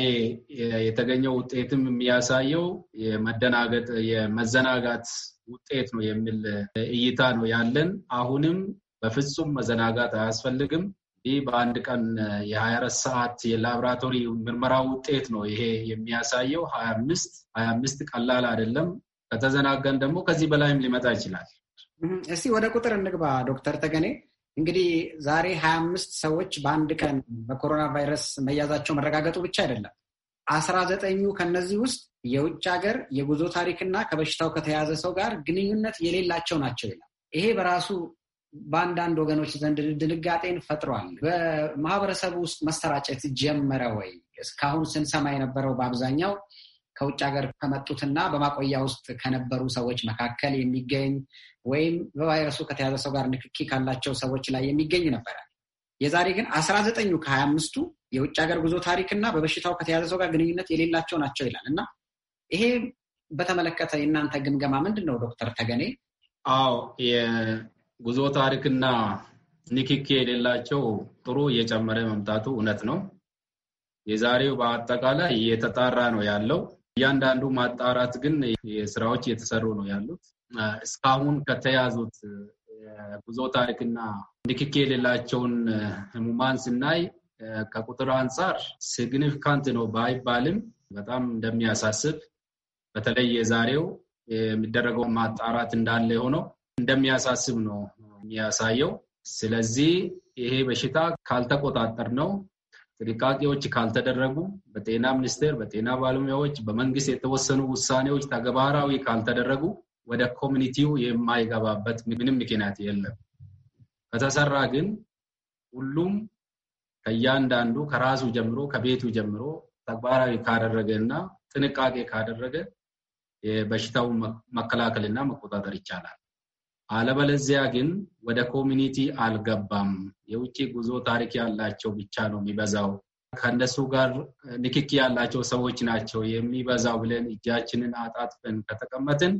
የተገኘው ውጤትም የሚያሳየው የመደናገጥ የመዘናጋት ውጤት ነው የሚል እይታ ነው ያለን። አሁንም በፍጹም መዘናጋት አያስፈልግም። ይህ በአንድ ቀን የ24 ሰዓት የላብራቶሪ ምርመራ ውጤት ነው ይሄ የሚያሳየው። ሀያ ቀላል አይደለም። ከተዘናገን ደግሞ ከዚህ በላይም ሊመጣ ይችላል። እስቲ ወደ ቁጥር እንግባ ዶክተር ተገኔ እንግዲህ ዛሬ 25 አምስት ሰዎች በአንድ ቀን በኮሮና ቫይረስ መያዛቸው መረጋገጡ ብቻ አይደለም አስራ ዘጠኙ ከነዚህ ውስጥ የውጭ ሀገር የጉዞ ታሪክና ከበሽታው ከተያዘ ሰው ጋር ግንኙነት የሌላቸው ናቸው ይላል። ይሄ በራሱ በአንዳንድ ወገኖች ዘንድ ድንጋጤን ፈጥሯል። በማህበረሰቡ ውስጥ መሰራጨት ጀመረ ወይ? እስካሁን ስንሰማ የነበረው በአብዛኛው ከውጭ ሀገር ከመጡትና በማቆያ ውስጥ ከነበሩ ሰዎች መካከል የሚገኝ ወይም በቫይረሱ ከተያዘ ሰው ጋር ንክኪ ካላቸው ሰዎች ላይ የሚገኝ ነበራል። የዛሬ ግን አስራ ዘጠኙ ከሀያ አምስቱ የውጭ ሀገር ጉዞ ታሪክና በበሽታው ከተያዘ ሰው ጋር ግንኙነት የሌላቸው ናቸው ይላል እና ይሄ በተመለከተ የእናንተ ግምገማ ምንድን ነው ዶክተር ተገኔ? አዎ የጉዞ ታሪክና ንክኬ የሌላቸው ጥሩ እየጨመረ መምጣቱ እውነት ነው። የዛሬው በአጠቃላይ እየተጣራ ነው ያለው። እያንዳንዱ ማጣራት ግን ስራዎች እየተሰሩ ነው ያሉት። እስካሁን ከተያዙት የጉዞ ታሪክና ንክኬ የሌላቸውን ህሙማን ስናይ ከቁጥር አንጻር ሲግኒፊካንት ነው ባይባልም በጣም እንደሚያሳስብ በተለይ የዛሬው የሚደረገው ማጣራት እንዳለ የሆነው እንደሚያሳስብ ነው የሚያሳየው። ስለዚህ ይሄ በሽታ ካልተቆጣጠር ነው ጥንቃቄዎች ካልተደረጉ በጤና ሚኒስቴር፣ በጤና ባለሙያዎች፣ በመንግስት የተወሰኑ ውሳኔዎች ተግባራዊ ካልተደረጉ ወደ ኮሚኒቲው የማይገባበት ምንም ምክንያት የለም። ከተሰራ ግን ሁሉም ከእያንዳንዱ ከራሱ ጀምሮ ከቤቱ ጀምሮ ተግባራዊ ካደረገ እና ጥንቃቄ ካደረገ የበሽታውን መከላከልና መቆጣጠር ይቻላል። አለበለዚያ ግን ወደ ኮሚኒቲ አልገባም፣ የውጭ ጉዞ ታሪክ ያላቸው ብቻ ነው የሚበዛው፣ ከእነሱ ጋር ንክኪ ያላቸው ሰዎች ናቸው የሚበዛው ብለን እጃችንን አጣጥፈን ከተቀመጥን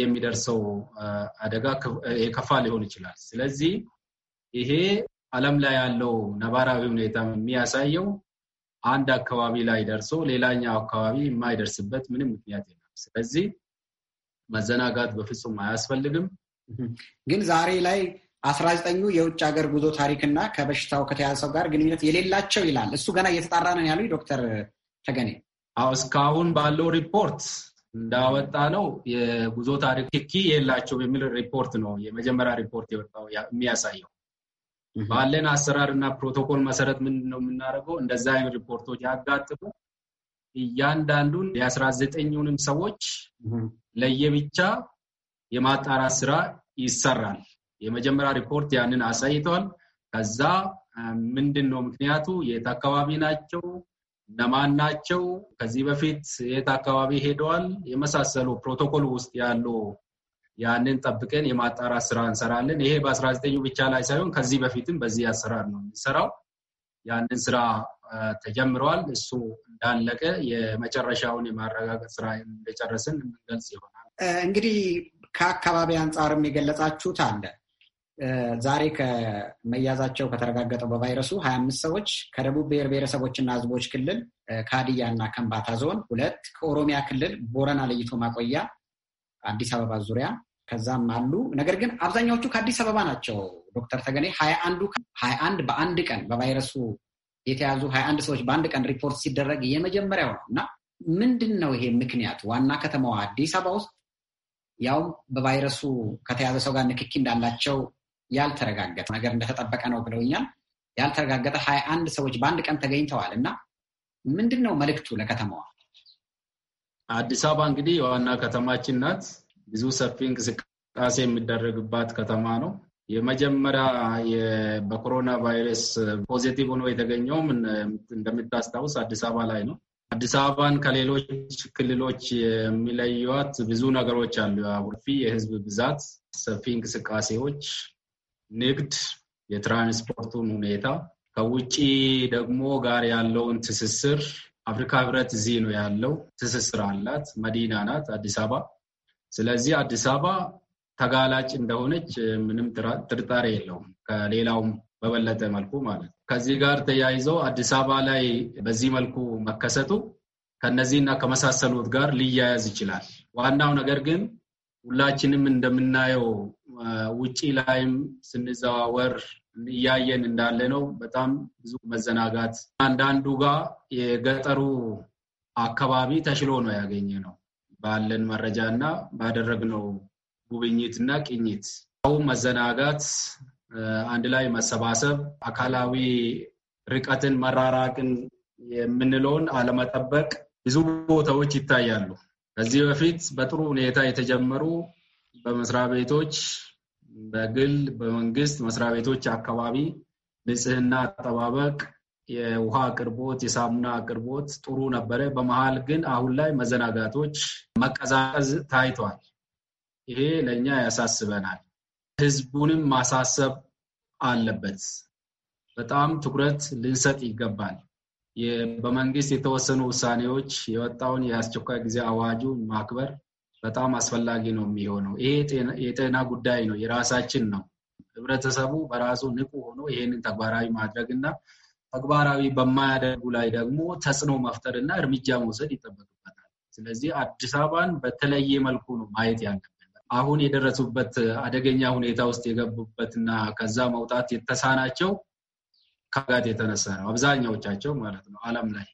የሚደርሰው አደጋ የከፋ ሊሆን ይችላል። ስለዚህ ይሄ ዓለም ላይ ያለው ነባራዊ ሁኔታ የሚያሳየው አንድ አካባቢ ላይ ደርሶ ሌላኛው አካባቢ የማይደርስበት ምንም ምክንያት የለም። ስለዚህ መዘናጋት በፍጹም አያስፈልግም። ግን ዛሬ ላይ አስራ ዘጠኙ የውጭ ሀገር ጉዞ ታሪክና ከበሽታው ከተያዘው ጋር ግንኙነት የሌላቸው ይላል። እሱ ገና እየተጣራ ነው ያሉ ዶክተር ተገኔ አዎ እስካሁን ባለው ሪፖርት እንዳወጣ ነው የጉዞ ታሪክ ክኪ የላቸውም የሚል ሪፖርት ነው የመጀመሪያ ሪፖርት የወጣው የሚያሳየው። ባለን አሰራር እና ፕሮቶኮል መሰረት ምንድን ነው የምናደርገው? እንደዛ አይነት ሪፖርቶች ያጋጥሙ እያንዳንዱን የአስራ ዘጠኙንም ሰዎች ለየብቻ የማጣራት ስራ ይሰራል። የመጀመሪያ ሪፖርት ያንን አሳይተዋል። ከዛ ምንድን ነው ምክንያቱ? የት አካባቢ ናቸው? እነማን ናቸው፣ ከዚህ በፊት የት አካባቢ ሄደዋል፣ የመሳሰሉ ፕሮቶኮል ውስጥ ያሉ ያንን ጠብቀን የማጣራት ስራ እንሰራለን። ይሄ በአስራ ዘጠኙ ብቻ ላይ ሳይሆን ከዚህ በፊትም በዚህ አሰራር ነው የምንሰራው። ያንን ስራ ተጀምረዋል። እሱ እንዳለቀ የመጨረሻውን የማረጋገጥ ስራ እንደጨረስን የምንገልጽ ይሆናል። እንግዲህ ከአካባቢ አንጻርም የገለጻችሁት አለ ዛሬ ከመያዛቸው ከተረጋገጠው በቫይረሱ ሀያ አምስት ሰዎች ከደቡብ ብሔር ብሔረሰቦችና ህዝቦች ክልል ከሀዲያ እና ከምባታ ዞን ሁለት ከኦሮሚያ ክልል ቦረና ለይቶ ማቆያ አዲስ አበባ ዙሪያ ከዛም አሉ። ነገር ግን አብዛኛዎቹ ከአዲስ አበባ ናቸው። ዶክተር ተገኔ ሀያ አንዱ ሀያ አንድ በአንድ ቀን በቫይረሱ የተያዙ ሀያ አንድ ሰዎች በአንድ ቀን ሪፖርት ሲደረግ የመጀመሪያው ነው እና ምንድን ነው ይሄ ምክንያት ዋና ከተማዋ አዲስ አበባ ውስጥ ያውም በቫይረሱ ከተያዘ ሰው ጋር ንክኪ እንዳላቸው ያልተረጋገጠ ነገር እንደተጠበቀ ነው ብለውኛል። ያልተረጋገጠ ሀያ አንድ ሰዎች በአንድ ቀን ተገኝተዋል እና ምንድን ነው መልእክቱ ለከተማዋ? አዲስ አበባ እንግዲህ የዋና ከተማችን ናት። ብዙ ሰፊ እንቅስቃሴ የሚደረግባት ከተማ ነው። የመጀመሪያ በኮሮና ቫይረስ ፖዚቲቭ ሆኖ የተገኘውም እንደምታስታውስ አዲስ አበባ ላይ ነው። አዲስ አበባን ከሌሎች ክልሎች የሚለዩዋት ብዙ ነገሮች አሉ። ፊ የህዝብ ብዛት፣ ሰፊ እንቅስቃሴዎች፣ ንግድ፣ የትራንስፖርቱን ሁኔታ ከውጭ ደግሞ ጋር ያለውን ትስስር አፍሪካ ህብረት እዚህ ነው ያለው፣ ትስስር አላት፣ መዲና ናት አዲስ አበባ። ስለዚህ አዲስ አበባ ተጋላጭ እንደሆነች ምንም ጥርጣሬ የለውም፣ ከሌላውም በበለጠ መልኩ ማለት ነው። ከዚህ ጋር ተያይዘው አዲስ አበባ ላይ በዚህ መልኩ መከሰቱ ከነዚህና ከመሳሰሉት ጋር ሊያያዝ ይችላል። ዋናው ነገር ግን ሁላችንም እንደምናየው ውጪ ላይም ስንዘዋወር እያየን እንዳለ ነው። በጣም ብዙ መዘናጋት አንዳንዱ ጋር የገጠሩ አካባቢ ተሽሎ ነው ያገኘ ነው ባለን መረጃ እና ባደረግነው ጉብኝት እና ቅኝት ሰው መዘናጋት፣ አንድ ላይ መሰባሰብ፣ አካላዊ ርቀትን መራራቅን የምንለውን አለመጠበቅ ብዙ ቦታዎች ይታያሉ። ከዚህ በፊት በጥሩ ሁኔታ የተጀመሩ በመስሪያ ቤቶች በግል በመንግስት መስሪያ ቤቶች አካባቢ ንጽህና አጠባበቅ፣ የውሃ አቅርቦት፣ የሳሙና አቅርቦት ጥሩ ነበረ። በመሀል ግን አሁን ላይ መዘናጋቶች፣ መቀዛቀዝ ታይቷል። ይሄ ለእኛ ያሳስበናል። ህዝቡንም ማሳሰብ አለበት። በጣም ትኩረት ልንሰጥ ይገባል። በመንግስት የተወሰኑ ውሳኔዎች የወጣውን የአስቸኳይ ጊዜ አዋጁ ማክበር በጣም አስፈላጊ ነው የሚሆነው። ይሄ የጤና ጉዳይ ነው፣ የራሳችን ነው። ህብረተሰቡ በራሱ ንቁ ሆኖ ይሄንን ተግባራዊ ማድረግ እና ተግባራዊ በማያደርጉ ላይ ደግሞ ተጽዕኖ መፍጠር እና እርምጃ መውሰድ ይጠበቅበታል። ስለዚህ አዲስ አበባን በተለየ መልኩ ነው ማየት ያለብን። አሁን የደረሱበት አደገኛ ሁኔታ ውስጥ የገቡበትና ከዛ መውጣት የተሳናቸው ከጋት የተነሳ ነው አብዛኛዎቻቸው ማለት ነው አለም ላይ።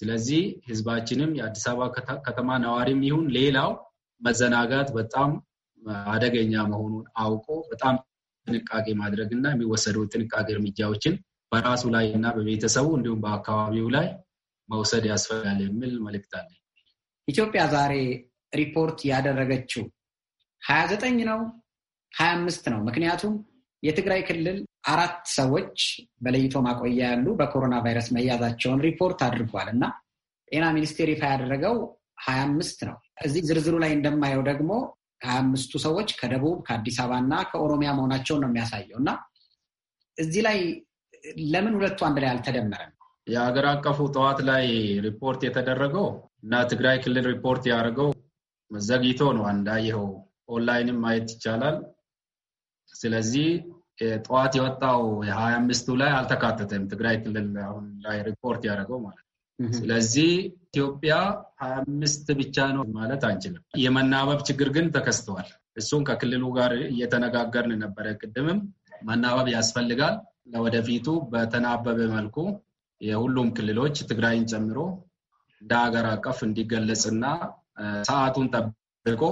ስለዚህ ህዝባችንም የአዲስ አበባ ከተማ ነዋሪም ይሁን ሌላው መዘናጋት በጣም አደገኛ መሆኑን አውቆ በጣም ጥንቃቄ ማድረግ እና የሚወሰዱ ጥንቃቄ እርምጃዎችን በራሱ ላይ እና በቤተሰቡ እንዲሁም በአካባቢው ላይ መውሰድ ያስፈልጋል የሚል መልእክት አለ። ኢትዮጵያ ዛሬ ሪፖርት ያደረገችው ሀያ ዘጠኝ ነው ሀያ አምስት ነው ምክንያቱም የትግራይ ክልል አራት ሰዎች በለይቶ ማቆያ ያሉ በኮሮና ቫይረስ መያዛቸውን ሪፖርት አድርጓል እና ጤና ሚኒስቴር ይፋ ያደረገው ሀያ አምስት ነው። እዚህ ዝርዝሩ ላይ እንደማየው ደግሞ ከሀያ አምስቱ ሰዎች ከደቡብ ከአዲስ አበባ እና ከኦሮሚያ መሆናቸውን ነው የሚያሳየው እና እዚህ ላይ ለምን ሁለቱ አንድ ላይ አልተደመረም? የሀገር አቀፉ ጠዋት ላይ ሪፖርት የተደረገው እና ትግራይ ክልል ሪፖርት ያደርገው ዘግይቶ ነው። አንዳየው ኦንላይንም ማየት ይቻላል። ስለዚህ ጠዋት የወጣው የሀያ አምስቱ ላይ አልተካተተም። ትግራይ ክልል አሁን ላይ ሪፖርት ያደረገው ማለት ነው። ስለዚህ ኢትዮጵያ ሀያ አምስት ብቻ ነው ማለት አንችልም። የመናበብ ችግር ግን ተከስተዋል። እሱን ከክልሉ ጋር እየተነጋገርን ነበረ። ቅድምም መናበብ ያስፈልጋል። ለወደፊቱ በተናበበ መልኩ የሁሉም ክልሎች ትግራይን ጨምሮ እንደ ሀገር አቀፍ እንዲገለጽና ሰዓቱን ጠብቆ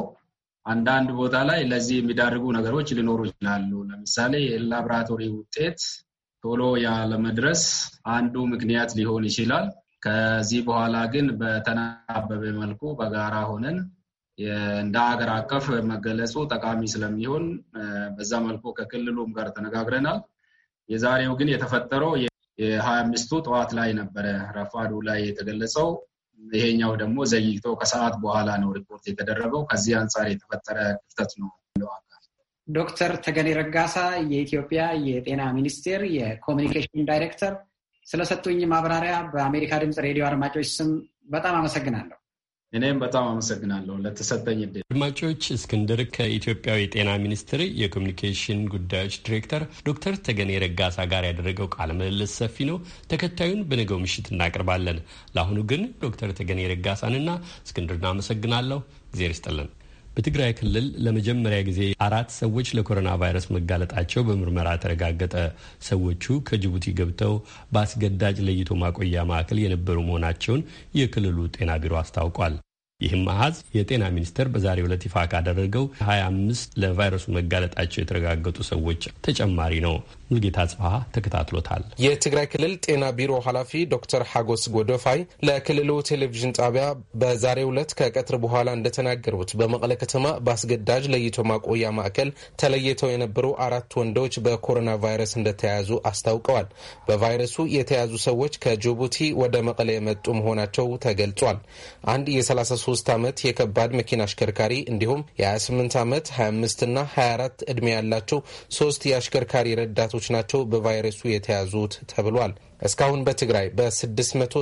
አንዳንድ ቦታ ላይ ለዚህ የሚዳርጉ ነገሮች ሊኖሩ ይችላሉ። ለምሳሌ የላብራቶሪ ውጤት ቶሎ ያለመድረስ አንዱ ምክንያት ሊሆን ይችላል። ከዚህ በኋላ ግን በተናበበ መልኩ በጋራ ሆነን እንደ ሀገር አቀፍ መገለጹ ጠቃሚ ስለሚሆን በዛ መልኩ ከክልሉም ጋር ተነጋግረናል። የዛሬው ግን የተፈጠረው የሀያ አምስቱ ጠዋት ላይ ነበረ ረፋዱ ላይ የተገለጸው ይሄኛው ደግሞ ዘግይቶ ከሰዓት በኋላ ነው ሪፖርት የተደረገው። ከዚህ አንጻር የተፈጠረ ክፍተት ነው። ዶክተር ተገኔ ረጋሳ የኢትዮጵያ የጤና ሚኒስቴር የኮሚኒኬሽን ዳይሬክተር ስለሰጡኝ ማብራሪያ በአሜሪካ ድምፅ ሬዲዮ አድማጮች ስም በጣም አመሰግናለሁ። እኔም በጣም አመሰግናለሁ ለተሰጠኝ እድል። አድማጮች እስክንድር ከኢትዮጵያው የጤና ሚኒስቴር የኮሚኒኬሽን ጉዳዮች ዲሬክተር ዶክተር ተገኔ ረጋሳ ጋር ያደረገው ቃለ ምልልስ ሰፊ ነው። ተከታዩን በነገው ምሽት እናቀርባለን። ለአሁኑ ግን ዶክተር ተገኔ ረጋሳንና እስክንድርን አመሰግናለሁ። እግዜር ይስጥልን። በትግራይ ክልል ለመጀመሪያ ጊዜ አራት ሰዎች ለኮሮና ቫይረስ መጋለጣቸው በምርመራ ተረጋገጠ። ሰዎቹ ከጅቡቲ ገብተው በአስገዳጅ ለይቶ ማቆያ ማዕከል የነበሩ መሆናቸውን የክልሉ ጤና ቢሮ አስታውቋል። ይህም አሀዝ የጤና ሚኒስቴር በዛሬው ዕለት ይፋ ካደረገው 25 ለቫይረሱ መጋለጣቸው የተረጋገጡ ሰዎች ተጨማሪ ነው። ሙልጌታ ጽብሃ ተከታትሎታል። የትግራይ ክልል ጤና ቢሮ ኃላፊ ዶክተር ሐጎስ ጎደፋይ ለክልሉ ቴሌቪዥን ጣቢያ በዛሬው ዕለት ከቀትር በኋላ እንደተናገሩት በመቀለ ከተማ በአስገዳጅ ለይቶ ማቆያ ማዕከል ተለይተው የነበሩ አራት ወንዶች በኮሮና ቫይረስ እንደተያያዙ አስታውቀዋል። በቫይረሱ የተያዙ ሰዎች ከጅቡቲ ወደ መቀለ የመጡ መሆናቸው ተገልጿል። አንድ የ33 23 ዓመት የከባድ መኪና አሽከርካሪ እንዲሁም የ28 ዓመት 25 እና 24 ዕድሜ ያላቸው ሶስት የአሽከርካሪ ረዳቶች ናቸው በቫይረሱ የተያዙት ተብሏል። እስካሁን በትግራይ በ608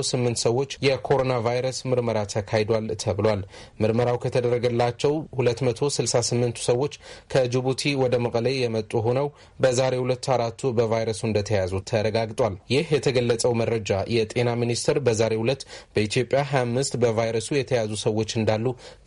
ሰዎች የኮሮና ቫይረስ ምርመራ ተካሂዷል ተብሏል። ምርመራው ከተደረገላቸው 268ቱ ሰዎች ከጅቡቲ ወደ መቀሌ የመጡ ሆነው በዛሬ ሁለት አራቱ በቫይረሱ እንደተያዙ ተረጋግጧል። ይህ የተገለጸው መረጃ የጤና ሚኒስቴር በዛሬ ሁለት በኢትዮጵያ 25 በቫይረሱ የተያዙ ሰዎች እንዳሉ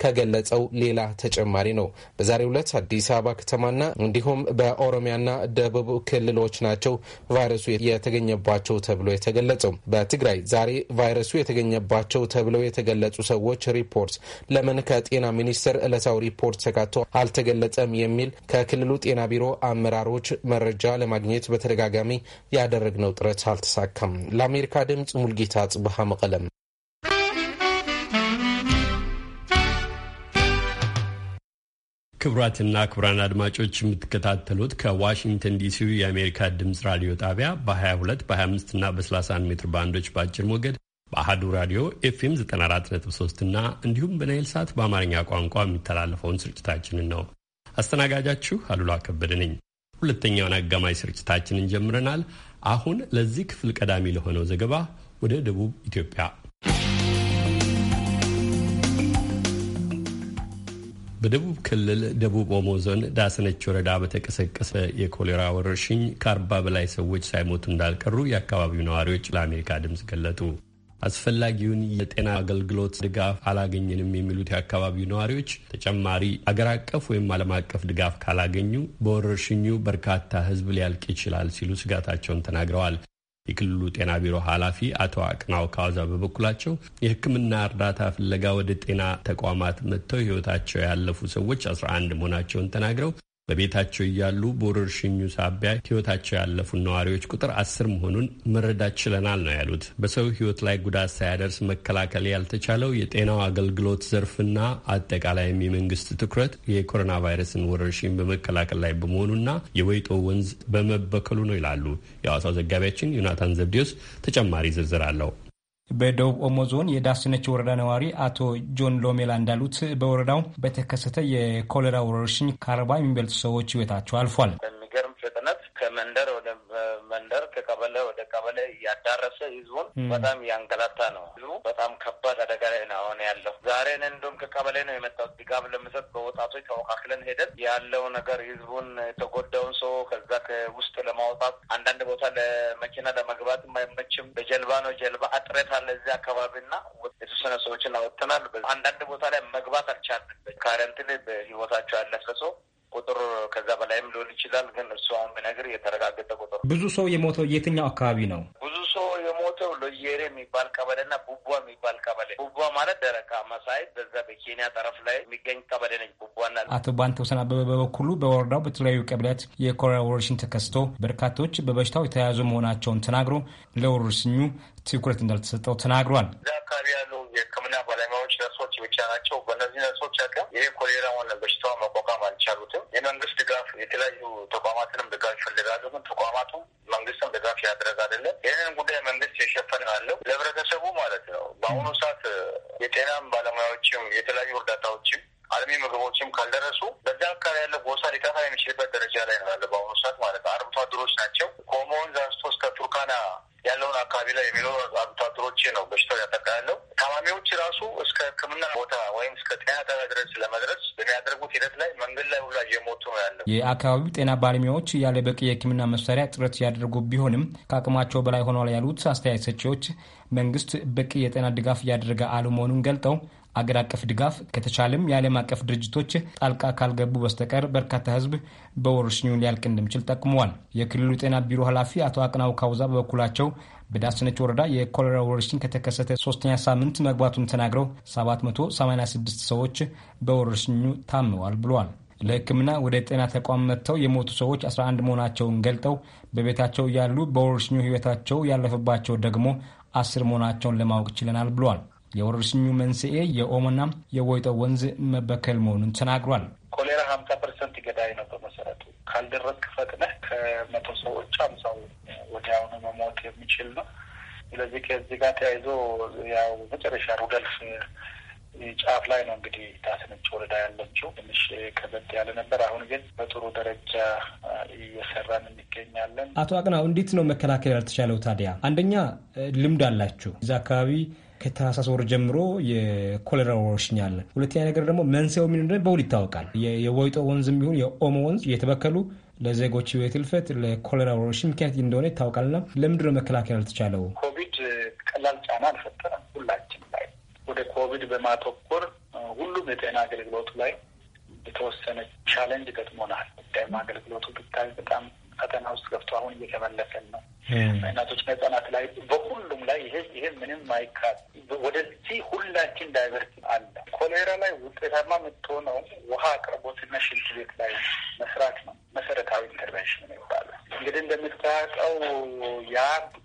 ከገለጸው ሌላ ተጨማሪ ነው። በዛሬ ሁለት አዲስ አበባ ከተማና እንዲሁም በኦሮሚያና ደቡብ ክልሎች ናቸው ቫይረሱ የተገኘባቸው ተብሎ የተገለጸው። በትግራይ ዛሬ ቫይረሱ የተገኘባቸው ተብለው የተገለጹ ሰዎች ሪፖርት ለምን ከጤና ሚኒስቴር ዕለታዊ ሪፖርት ተካቶ አልተገለጸም የሚል ከክልሉ ጤና ቢሮ አመራሮች መረጃ ለማግኘት በተደጋጋሚ ያደረግነው ጥረት አልተሳካም። ለአሜሪካ ድምፅ ሙልጌታ ጽብሃ መቀለም ክቡራትና ክቡራን አድማጮች የምትከታተሉት ከዋሽንግተን ዲሲ የአሜሪካ ድምፅ ራዲዮ ጣቢያ በ22 በ25 እና በ31 ሜትር ባንዶች በአጭር ሞገድ በአህዱ ራዲዮ ኤፍኤም 943 እና እንዲሁም በናይል ሰዓት በአማርኛ ቋንቋ የሚተላለፈውን ስርጭታችንን ነው። አስተናጋጃችሁ አሉላ ከበደ ነኝ። ሁለተኛውን አጋማሽ ስርጭታችንን ጀምረናል። አሁን ለዚህ ክፍል ቀዳሚ ለሆነው ዘገባ ወደ ደቡብ ኢትዮጵያ በደቡብ ክልል ደቡብ ኦሞ ዞን ዳሰነች ወረዳ በተቀሰቀሰ የኮሌራ ወረርሽኝ ከአርባ በላይ ሰዎች ሳይሞቱ እንዳልቀሩ የአካባቢው ነዋሪዎች ለአሜሪካ ድምፅ ገለጡ። አስፈላጊውን የጤና አገልግሎት ድጋፍ አላገኘንም የሚሉት የአካባቢው ነዋሪዎች ተጨማሪ አገር አቀፍ ወይም ዓለም አቀፍ ድጋፍ ካላገኙ በወረርሽኙ በርካታ ሕዝብ ሊያልቅ ይችላል ሲሉ ስጋታቸውን ተናግረዋል። የክልሉ ጤና ቢሮ ኃላፊ አቶ አቅናው ካዛ በበኩላቸው የሕክምና እርዳታ ፍለጋ ወደ ጤና ተቋማት መጥተው ህይወታቸው ያለፉ ሰዎች 11 መሆናቸውን ተናግረው በቤታቸው እያሉ በወረርሽኙ ሳቢያ ሕይወታቸው ያለፉ ነዋሪዎች ቁጥር አስር መሆኑን መረዳት ችለናል ነው ያሉት። በሰው ሕይወት ላይ ጉዳት ሳያደርስ መከላከል ያልተቻለው የጤናው አገልግሎት ዘርፍና አጠቃላይም የመንግስት ትኩረት የኮሮና ቫይረስን ወረርሽኝ በመከላከል ላይ በመሆኑና የወይጦ ወንዝ በመበከሉ ነው ይላሉ። የሐዋሳው ዘጋቢያችን ዮናታን ዘብዴዎስ ተጨማሪ ዝርዝር አለው። በደቡብ ኦሞ ዞን የዳስነች ወረዳ ነዋሪ አቶ ጆን ሎሜላ እንዳሉት በወረዳው በተከሰተ የኮሌራ ወረርሽኝ ከአርባ የሚበልጡ ሰዎች ህይወታቸው አልፏል። በሚገርም ፍጥነት ከመንደር ቀበሌ ወደ ቀበሌ እያዳረሰ ህዝቡን በጣም እያንገላታ ነው። ህዝቡ በጣም ከባድ አደጋ ላይ ነው አሁን ያለው። ዛሬ እኔ እንደውም ከቀበሌ ነው የመጣው ድጋፍ ለመሰጥ በወጣቶች ተወካክለን ሄደን ያለው ነገር ህዝቡን የተጎዳውን ሰው ከዛ ከውስጥ ለማውጣት አንዳንድ ቦታ ለመኪና ለመግባት የማይመችም በጀልባ ነው። ጀልባ እጥረት አለ እዚህ አካባቢ አካባቢና የተወሰነ ሰዎችን አወጥተናል። አንዳንድ ቦታ ላይ መግባት አልቻልንም። ካረንትን በህይወታቸው ያለፈ ሰው ቁጥር ከዛ በላይም ሊሆን ይችላል። ግን እሱ አሁን ብነግር የተረጋገጠ ቁጥር ብዙ ሰው የሞተው የትኛው አካባቢ ነው? ብዙ ሰው የሞተው ሎየሬ የሚባል ቀበሌና ቡቧ የሚባል ቀበሌ። ቡቧ ማለት ደረቃ መሳይ፣ በዛ በኬንያ ጠረፍ ላይ የሚገኝ ቀበሌ ነች ቡቧና። አቶ ባንተ ወሰን በበኩሉ በወረዳው በተለያዩ ቀበሌያት የኮሌራ ወረርሽኝ ተከስቶ በርካቶች በበሽታው የተያያዙ መሆናቸውን ተናግሮ ለወረርሽኙ ትኩረት እንዳልተሰጠው ተናግሯል። እዛ አካባቢ ያሉ የሕክምና ባለሙያዎች ነርሶች ብቻ ናቸው። በእነዚህ ነርሶች አቅም ይሄ ኮሌራ ሆነ በሽታ መቋቋም አልቻሉትም። የመንግስት ድጋፍ የተለያዩ ተቋማትንም ድጋፍ ይፈልጋሉ። ግን ተቋማቱ መንግስትም ድጋፍ ያደረግ አይደለም። ይህንን ጉዳይ መንግስት የሸፈነ አለው ለህብረተሰቡ ማለት ነው። በአሁኑ ሰዓት የጤናም ባለሙያዎችም የተለያዩ እርዳታዎችም አልሚ ምግቦችም ካልደረሱ በዛ አካባቢ ያለ ጎሳ ሊጠፋ የሚችልበት ደረጃ ላይ ነው ያለ በአሁኑ ሰዓት ማለት ነው። አርብቶ አደሮች ናቸው። ኮሞን ዛንስቶ እስከ ቱርካና ያለውን አካባቢ ላይ የሚኖሩ አርብቶ አደሮች ነው በሽታው ያጠቃያለው። ታማሚዎች ራሱ እስከ ሕክምና ቦታ ወይም እስከ ጤና ጣቢያ ድረስ ለመድረስ በሚያደርጉት ሂደት ላይ መንገድ ላይ ሁላ እየሞቱ ነው ያለው። የአካባቢው ጤና ባለሙያዎች ያለ በቂ የሕክምና መሳሪያ ጥረት ያደረጉ ቢሆንም ከአቅማቸው በላይ ሆኗል ያሉት አስተያየት ሰጪዎች መንግስት በቂ የጤና ድጋፍ እያደረገ አለመሆኑን ገልጠው አገር አቀፍ ድጋፍ ከተቻለም የዓለም አቀፍ ድርጅቶች ጣልቃ ካልገቡ በስተቀር በርካታ ሕዝብ በወረርሽኙ ሊያልቅ እንደሚችል ጠቁመዋል። የክልሉ ጤና ቢሮ ኃላፊ አቶ አቅናው ካውዛ በበኩላቸው በዳስነች ወረዳ የኮሌራ ወረርሽኝ ከተከሰተ ሶስተኛ ሳምንት መግባቱን ተናግረው 786 ሰዎች በወረርሽኙ ታምመዋል ብለዋል። ለሕክምና ወደ ጤና ተቋም መጥተው የሞቱ ሰዎች 11 መሆናቸውን ገልጠው በቤታቸው ያሉ በወረርሽኙ ሕይወታቸው ያለፈባቸው ደግሞ አስር መሆናቸውን ለማወቅ ችለናል ብለዋል። የወረርሽኙ መንስኤ የኦሞና የወይጦ ወንዝ መበከል መሆኑን ተናግሯል። ኮሌራ ሀምሳ ፐርሰንት ገዳይ ነው። በመሰረቱ ካልደረስክ ፈጥነህ ከመቶ ሰዎች አምሳው ወዲያውኑ መሞት የሚችል ነው። ስለዚህ ከዚህ ጋር ተያይዞ ያው መጨረሻ ሩደልፍ ጫፍ ላይ ነው እንግዲህ ታስነጭ ወረዳ ያለችው ትንሽ ከበድ ያለ ነበር። አሁን ግን በጥሩ ደረጃ እየሰራን እንገኛለን። አቶ አቅናው እንዴት ነው መከላከል ያልተቻለው ታዲያ? አንደኛ ልምድ አላችሁ እዚ አካባቢ ከታህሳስ ወር ጀምሮ የኮሌራ ወረርሽኝ አለ። ሁለተኛ ነገር ደግሞ መንስኤው ምን እንደሆነ በውል ይታወቃል። የወይጦ ወንዝ የሚሆን የኦሞ ወንዝ እየተበከሉ ለዜጎች ሕይወት ህልፈት ለኮሌራ ወረርሽኝ ምክንያት እንደሆነ ይታወቃልና ለምንድን ነው መከላከል ያልተቻለው? ኮቪድ ቀላል ጫና አልፈጠረም። ሁላችን ላይ ወደ ኮቪድ በማተኮር ሁሉም የጤና አገልግሎቱ ላይ የተወሰነ ቻለንጅ ገጥሞናል። ጉዳይም አገልግሎቱ ብታይ በጣም ፈተና ውስጥ ገብቶ አሁን እየተመለሰን ነው። እናቶች ህጻናት ላይ በሁሉም ላይ ይሄ ይሄ ምንም አይካድ ወደዚህ ሁላችን ዳይቨርት አለ። ኮሌራ ላይ ውጤታማ የምትሆነው ውሃ አቅርቦትና ሽንት ቤት ላይ መስራት ነው። መሰረታዊ ኢንተርቬንሽን ነው ይባላል። እንግዲህ እንደምታውቀው ያ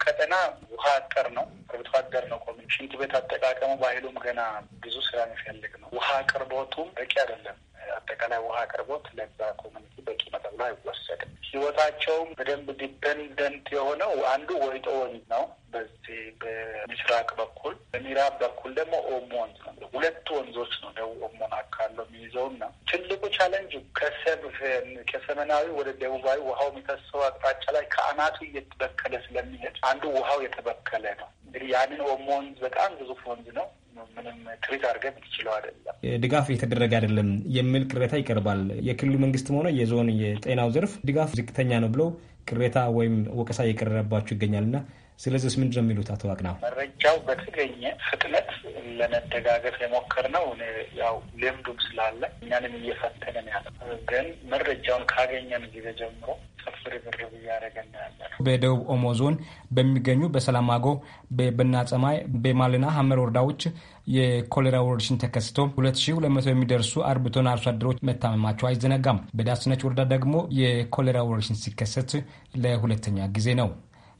ቀጠና ውሃ አጠር ነው፣ አርብቶ አደር ነው። ሽንት ቤት አጠቃቀሙ ባህሉም ገና ብዙ ስራ የሚፈልግ ነው። ውሃ አቅርቦቱም በቂ አይደለም። አጠቃላይ ውሃ አቅርቦት ለዛ ኮሚኒቲ በቂ መጠን መጠኑ አይወሰድም። ህይወታቸውም በደንብ ዲፐንደንት የሆነው አንዱ ወይጦ ወንዝ ነው፣ በዚህ በምስራቅ በኩል በምዕራብ በኩል ደግሞ ኦሞ ወንዝ ነው። ሁለቱ ወንዞች ነው ደቡብ ኦሞን አካለው የሚይዘውና ትልቁ ቻለንጅ ከሰሜናዊ ወደ ደቡባዊ ውሃው የሚፈሰው አቅጣጫ ላይ ከአናቱ እየተበከለ ስለሚሄድ አንዱ ውሃው የተበከለ ነው። እንግዲህ ያንን ኦሞ ወንዝ በጣም ግዙፍ ወንዝ ነው። ምንም ትሪት አድርገን የምትችለው አይደለም። ድጋፍ እየተደረገ አይደለም የሚል ቅሬታ ይቀርባል። የክልሉ መንግስትም ሆነ የዞን የጤናው ዘርፍ ድጋፍ ዝቅተኛ ነው ብለው ቅሬታ ወይም ወቀሳ እየቀረባቸው ይገኛል እና ስለዚህ ምንድን ነው የሚሉት አቶ አቅናው? መረጃው በተገኘ ፍጥነት ለመደጋገፍ የሞከርነው ያው ልምዱም ስላለ እኛንም እየፈተነን ያለ ግን መረጃውን ካገኘን ጊዜ ጀምሮ ርብርብ እያደረገን ያለ በደቡብ ኦሞ ዞን በሚገኙ በሰላማጎ፣ ጸማይ፣ በማልና ሀመር ወረዳዎች የኮሌራ ወረርሽኝ ተከስቶ 2200 የሚደርሱ አርብቶና አርሶ አደሮች መታመማቸው አይዘነጋም። በዳስነች ወረዳ ደግሞ የኮሌራ ወረርሽኝ ሲከሰት ለሁለተኛ ጊዜ ነው።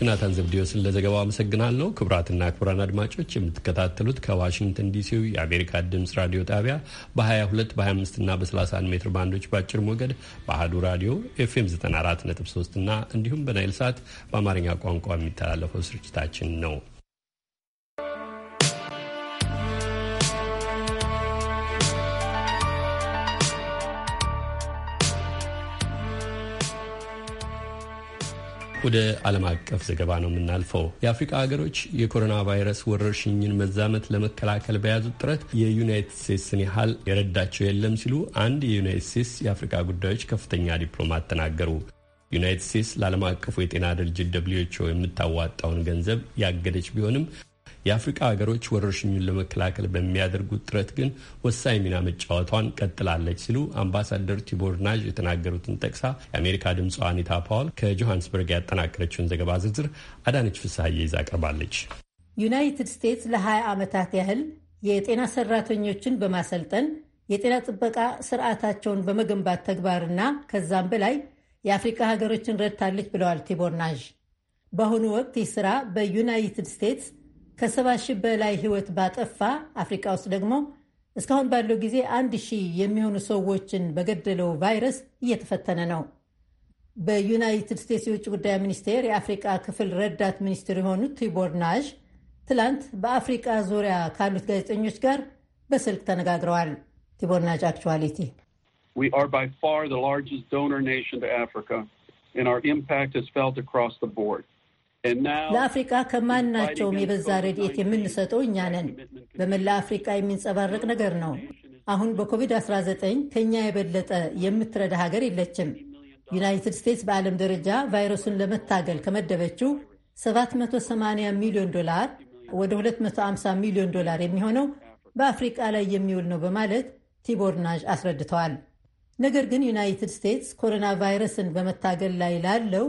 ዮናታን ዘብዲዮስን ለዘገባው አመሰግናለሁ። ክቡራትና ክቡራን አድማጮች የምትከታተሉት ከዋሽንግተን ዲሲው የአሜሪካ ድምፅ ራዲዮ ጣቢያ በ22 በ25ና በ31 ሜትር ባንዶች በአጭር ሞገድ በአህዱ ራዲዮ ኤፍኤም 94.3 እና እንዲሁም በናይል ሰዓት በአማርኛ ቋንቋ የሚተላለፈው ስርጭታችን ነው። ወደ ዓለም አቀፍ ዘገባ ነው የምናልፈው። የአፍሪካ ሀገሮች የኮሮና ቫይረስ ወረርሽኝን መዛመት ለመከላከል በያዙት ጥረት የዩናይትድ ስቴትስን ያህል የረዳቸው የለም ሲሉ አንድ የዩናይትድ ስቴትስ የአፍሪካ ጉዳዮች ከፍተኛ ዲፕሎማት ተናገሩ። ዩናይትድ ስቴትስ ለዓለም አቀፉ የጤና ድርጅት ደብሊው የምታዋጣውን ገንዘብ ያገደች ቢሆንም የአፍሪካ ሀገሮች ወረርሽኙን ለመከላከል በሚያደርጉት ጥረት ግን ወሳኝ ሚና መጫወቷን ቀጥላለች ሲሉ አምባሳደር ቲቦር ናዥ የተናገሩትን ጠቅሳ የአሜሪካ ድምፅ አኒታ ፓውል ከጆሃንስበርግ ያጠናቀረችውን ዘገባ ዝርዝር አዳነች ፍስሀዬ ይዛ ቀርባለች። ዩናይትድ ስቴትስ ለ20 ዓመታት ያህል የጤና ሰራተኞችን በማሰልጠን የጤና ጥበቃ ስርዓታቸውን በመገንባት ተግባርና ከዛም በላይ የአፍሪካ ሀገሮችን ረድታለች ብለዋል ቲቦር ናዥ። በአሁኑ ወቅት ይህ ስራ በዩናይትድ ስቴትስ ከ ሺህ በላይ ህይወት ባጠፋ አፍሪካ ውስጥ ደግሞ እስካሁን ባለው ጊዜ አንድ ሺህ የሚሆኑ ሰዎችን በገደለው ቫይረስ እየተፈተነ ነው። በዩናይትድ ስቴትስ የውጭ ጉዳይ ሚኒስቴር የአፍሪቃ ክፍል ረዳት ሚኒስትር የሆኑት ቲቦር ናዥ ትላንት በአፍሪቃ ዙሪያ ካሉት ጋዜጠኞች ጋር በስልክ ተነጋግረዋል። ቲቦር ናዥ አክቹዋሊቲ ዶነር ኔሽን ቱ አፍሪካ ኢምፓክት ኢዝ ፌልት አክሮስ ቦርድ ለአፍሪቃ ከማናቸውም የበዛ ረድኤት የምንሰጠው እኛ ነን። በመላ አፍሪቃ የሚንጸባረቅ ነገር ነው። አሁን በኮቪድ-19 ከኛ የበለጠ የምትረዳ ሀገር የለችም። ዩናይትድ ስቴትስ በዓለም ደረጃ ቫይረሱን ለመታገል ከመደበችው 780 ሚሊዮን ዶላር ወደ 250 ሚሊዮን ዶላር የሚሆነው በአፍሪቃ ላይ የሚውል ነው በማለት ቲቦር ናዥ አስረድተዋል። ነገር ግን ዩናይትድ ስቴትስ ኮሮና ቫይረስን በመታገል ላይ ላለው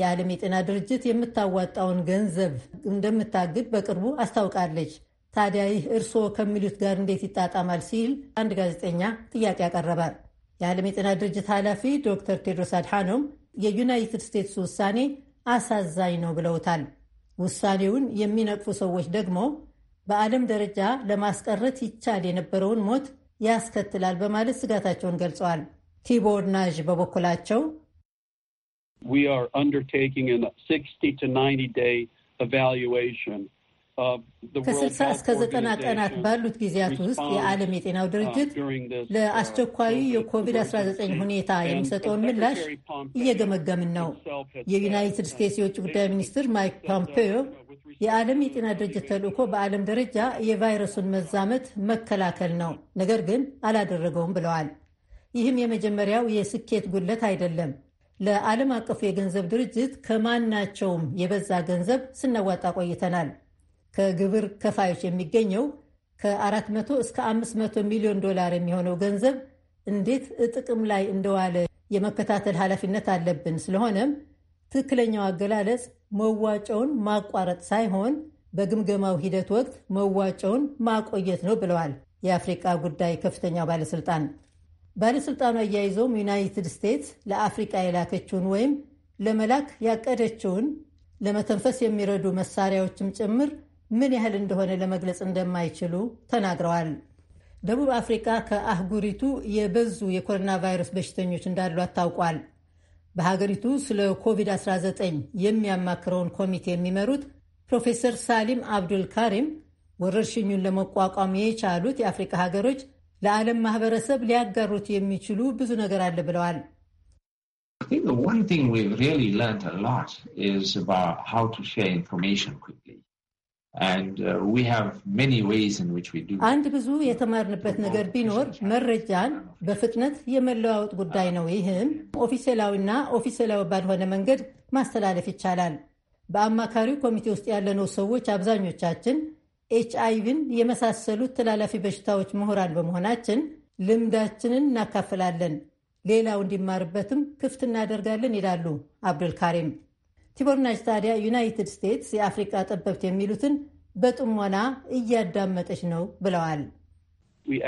የዓለም የጤና ድርጅት የምታዋጣውን ገንዘብ እንደምታግድ በቅርቡ አስታውቃለች። ታዲያ ይህ እርስዎ ከሚሉት ጋር እንዴት ይጣጣማል ሲል አንድ ጋዜጠኛ ጥያቄ ያቀረበ የዓለም የጤና ድርጅት ኃላፊ ዶክተር ቴድሮስ አድሓኖም የዩናይትድ ስቴትስ ውሳኔ አሳዛኝ ነው ብለውታል። ውሳኔውን የሚነቅፉ ሰዎች ደግሞ በዓለም ደረጃ ለማስቀረት ይቻል የነበረውን ሞት ያስከትላል በማለት ስጋታቸውን ገልጸዋል። ቲቦር ናዥ በበኩላቸው we are undertaking a 60 to 90 day evaluation ከስልሳ እስከ ዘጠና ቀናት ባሉት ጊዜያት ውስጥ የዓለም የጤናው uh, ድርጅት uh, ለአስቸኳዩ የኮቪድ-19 ሁኔታ የሚሰጠውን ምላሽ እየገመገምን ነው። የዩናይትድ ስቴትስ የውጭ ጉዳይ ሚኒስትር ማይክ ፖምፔዮ uh, የዓለም የጤና ድርጅት ተልዕኮ በዓለም ደረጃ የቫይረሱን መዛመት መከላከል ነው፣ ነገር ግን አላደረገውም ብለዋል። ይህም የመጀመሪያው የስኬት ጉድለት አይደለም። ለዓለም አቀፉ የገንዘብ ድርጅት ከማናቸውም የበዛ ገንዘብ ስናዋጣ ቆይተናል። ከግብር ከፋዮች የሚገኘው ከ400 እስከ 500 ሚሊዮን ዶላር የሚሆነው ገንዘብ እንዴት ጥቅም ላይ እንደዋለ የመከታተል ኃላፊነት አለብን። ስለሆነም ትክክለኛው አገላለጽ መዋጮውን ማቋረጥ ሳይሆን በግምገማው ሂደት ወቅት መዋጮውን ማቆየት ነው ብለዋል የአፍሪቃ ጉዳይ ከፍተኛው ባለስልጣን። ባለሥልጣኑ አያይዘውም ዩናይትድ ስቴትስ ለአፍሪቃ የላከችውን ወይም ለመላክ ያቀደችውን ለመተንፈስ የሚረዱ መሳሪያዎችም ጭምር ምን ያህል እንደሆነ ለመግለጽ እንደማይችሉ ተናግረዋል። ደቡብ አፍሪካ ከአህጉሪቱ የበዙ የኮሮና ቫይረስ በሽተኞች እንዳሏት ታውቋል። በሀገሪቱ ስለ ኮቪድ-19 የሚያማክረውን ኮሚቴ የሚመሩት ፕሮፌሰር ሳሊም አብዱል ካሪም ወረርሽኙን ለመቋቋም የቻሉት የአፍሪካ ሀገሮች ለዓለም ማህበረሰብ ሊያጋሩት የሚችሉ ብዙ ነገር አለ ብለዋል። uh, አንድ ብዙ የተማርንበት ነገር ቢኖር መረጃን በፍጥነት የመለዋወጥ ጉዳይ ነው። ይህም ኦፊሴላዊና ኦፊሴላዊ ባልሆነ መንገድ ማስተላለፍ ይቻላል። በአማካሪው ኮሚቴ ውስጥ ያለነው ሰዎች አብዛኞቻችን ኤች አይቪን የመሳሰሉት ተላላፊ በሽታዎች ምሁራን በመሆናችን ልምዳችንን እናካፍላለን፣ ሌላው እንዲማርበትም ክፍት እናደርጋለን ይላሉ አብዱልካሪም። ቲቦርናጅ ታዲያ ዩናይትድ ስቴትስ የአፍሪቃ ጠበብት የሚሉትን በጥሞና እያዳመጠች ነው ብለዋል። uh,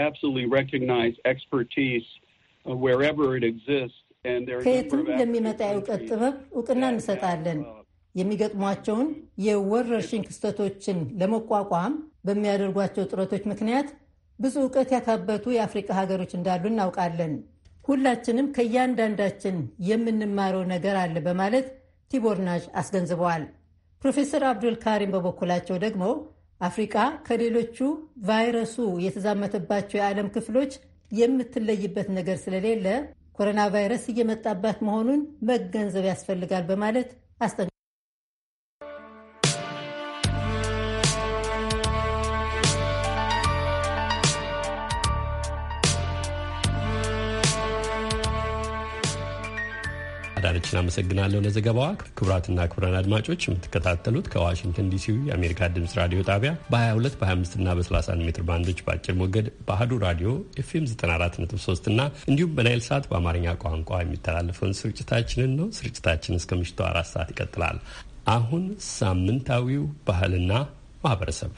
ከየትም ለሚመጣ የእውቀት ጥበብ እውቅና እንሰጣለን። uh, የሚገጥሟቸውን የወረርሽኝ ክስተቶችን ለመቋቋም በሚያደርጓቸው ጥረቶች ምክንያት ብዙ እውቀት ያካበቱ የአፍሪቃ ሀገሮች እንዳሉ እናውቃለን። ሁላችንም ከእያንዳንዳችን የምንማረው ነገር አለ በማለት ቲቦርናዥ አስገንዝበዋል። ፕሮፌሰር አብዱል ካሪም በበኩላቸው ደግሞ አፍሪቃ ከሌሎቹ ቫይረሱ የተዛመተባቸው የዓለም ክፍሎች የምትለይበት ነገር ስለሌለ ኮሮና ቫይረስ እየመጣባት መሆኑን መገንዘብ ያስፈልጋል በማለት አስጠ አመሰግናለሁ ለዘገባዋ። ክቡራትና ክቡራን አድማጮች የምትከታተሉት ከዋሽንግተን ዲሲ የአሜሪካ ድምፅ ራዲዮ ጣቢያ በ22 በ25 እና በ31 ሜትር ባንዶች በአጭር ሞገድ በአህዱ ራዲዮ ኤፍኤም 943 እና እንዲሁም በናይል ሰዓት በአማርኛ ቋንቋ የሚተላለፈውን ስርጭታችንን ነው። ስርጭታችን እስከ ምሽቱ አራት ሰዓት ይቀጥላል። አሁን ሳምንታዊው ባህልና ማህበረሰብ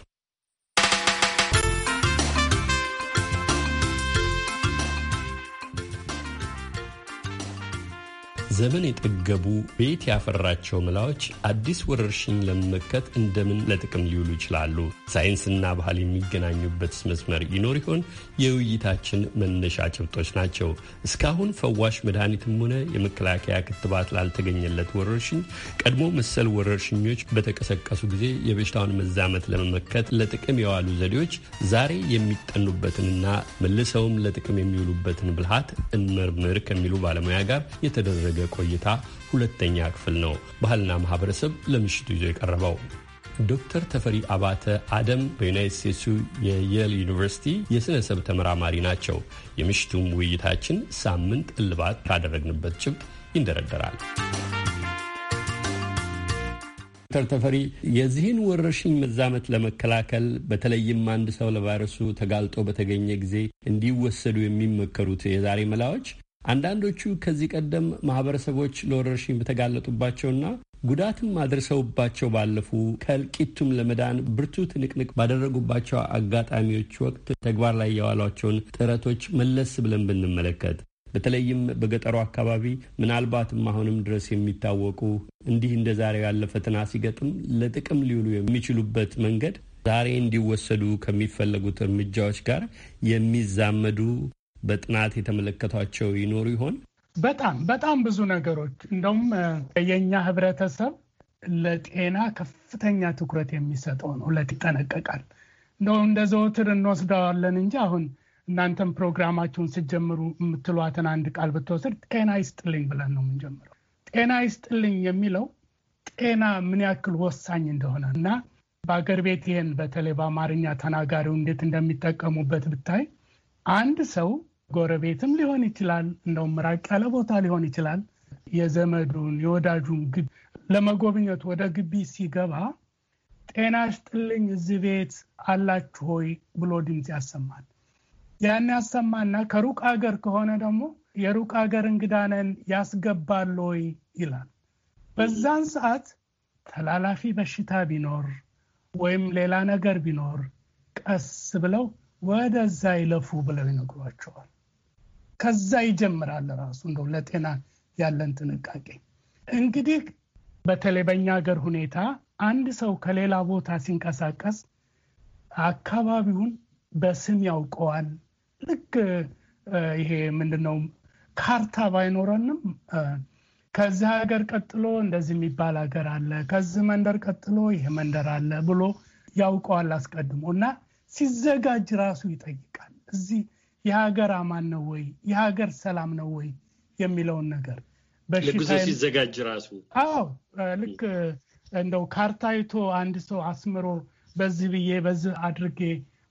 ዘመን የጠገቡ ቤት ያፈራቸው ምላዎች አዲስ ወረርሽኝ ለመመከት እንደምን ለጥቅም ሊውሉ ይችላሉ? ሳይንስና ባህል የሚገናኙበት መስመር ይኖር ይሆን? የውይይታችን መነሻ ጭብጦች ናቸው። እስካሁን ፈዋሽ መድኃኒትም ሆነ የመከላከያ ክትባት ላልተገኘለት ወረርሽኝ ቀድሞ መሰል ወረርሽኞች በተቀሰቀሱ ጊዜ የበሽታውን መዛመት ለመመከት ለጥቅም የዋሉ ዘዴዎች ዛሬ የሚጠኑበትንና መልሰውም ለጥቅም የሚውሉበትን ብልሃት እንመርምር ከሚሉ ባለሙያ ጋር የተደረገ ቆይታ ሁለተኛ ክፍል ነው። ባህልና ማህበረሰብ ለምሽቱ ይዞ የቀረበው ዶክተር ተፈሪ አባተ አደም በዩናይት ስቴትሱ የየል ዩኒቨርሲቲ የሥነ ሰብ ተመራማሪ ናቸው። የምሽቱም ውይይታችን ሳምንት እልባት ካደረግንበት ጭብጥ ይንደረደራል። ዶክተር ተፈሪ የዚህን ወረርሽኝ መዛመት ለመከላከል በተለይም አንድ ሰው ለቫይረሱ ተጋልጦ በተገኘ ጊዜ እንዲወሰዱ የሚመከሩት የዛሬ መላዎች አንዳንዶቹ ከዚህ ቀደም ማህበረሰቦች ለወረርሽኝ በተጋለጡባቸውና ጉዳትም አድርሰውባቸው ባለፉ ከእልቂቱም ለመዳን ብርቱ ትንቅንቅ ባደረጉባቸው አጋጣሚዎች ወቅት ተግባር ላይ የዋሏቸውን ጥረቶች መለስ ብለን ብንመለከት በተለይም በገጠሩ አካባቢ ምናልባትም አሁንም ድረስ የሚታወቁ እንዲህ እንደ ዛሬው ያለ ፈተና ሲገጥም ለጥቅም ሊውሉ የሚችሉበት መንገድ ዛሬ እንዲወሰዱ ከሚፈለጉት እርምጃዎች ጋር የሚዛመዱ በጥናት የተመለከቷቸው ይኖሩ ይሆን? በጣም በጣም ብዙ ነገሮች እንደውም የእኛ ህብረተሰብ ለጤና ከፍተኛ ትኩረት የሚሰጠው ነው። ለት ይጠነቀቃል። እንደው እንደ ዘወትር እንወስደዋለን እንጂ አሁን እናንተም ፕሮግራማችሁን ስትጀምሩ የምትሏትን አንድ ቃል ብትወስድ ጤና ይስጥልኝ ብለን ነው የምንጀምረው። ጤና ይስጥልኝ የሚለው ጤና ምን ያክል ወሳኝ እንደሆነ እና በአገር ቤት ይህን በተለይ በአማርኛ ተናጋሪው እንዴት እንደሚጠቀሙበት ብታይ አንድ ሰው ጎረቤትም ሊሆን ይችላል፣ እንደውም ራቅ ያለ ቦታ ሊሆን ይችላል። የዘመዱን የወዳጁን ግቢ ለመጎብኘት ወደ ግቢ ሲገባ ጤና ይስጥልኝ እዚህ ቤት አላችሁ ሆይ ብሎ ድምፅ ያሰማል። ያን ያሰማና ከሩቅ አገር ከሆነ ደግሞ የሩቅ አገር እንግዳነን ያስገባል ሆይ ይላል። በዛን ሰዓት ተላላፊ በሽታ ቢኖር ወይም ሌላ ነገር ቢኖር ቀስ ብለው ወደዛ ይለፉ ብለው ይነግሯቸዋል። ከዛ ይጀምራል ራሱ እንደው ለጤና ያለን ጥንቃቄ እንግዲህ በተለይ በእኛ ሀገር ሁኔታ አንድ ሰው ከሌላ ቦታ ሲንቀሳቀስ አካባቢውን በስም ያውቀዋል። ልክ ይሄ ምንድነው ካርታ ባይኖረንም ከዚህ ሀገር ቀጥሎ እንደዚህ የሚባል ሀገር አለ፣ ከዚህ መንደር ቀጥሎ ይሄ መንደር አለ ብሎ ያውቀዋል አስቀድሞ እና ሲዘጋጅ ራሱ ይጠይቃል። እዚህ የሀገር አማን ነው ወይ የሀገር ሰላም ነው ወይ የሚለውን ነገር በሽታ ሲዘጋጅ ራሱ አዎ ልክ እንደው ካርታይቶ አንድ ሰው አስምሮ በዚህ ብዬ በዚህ አድርጌ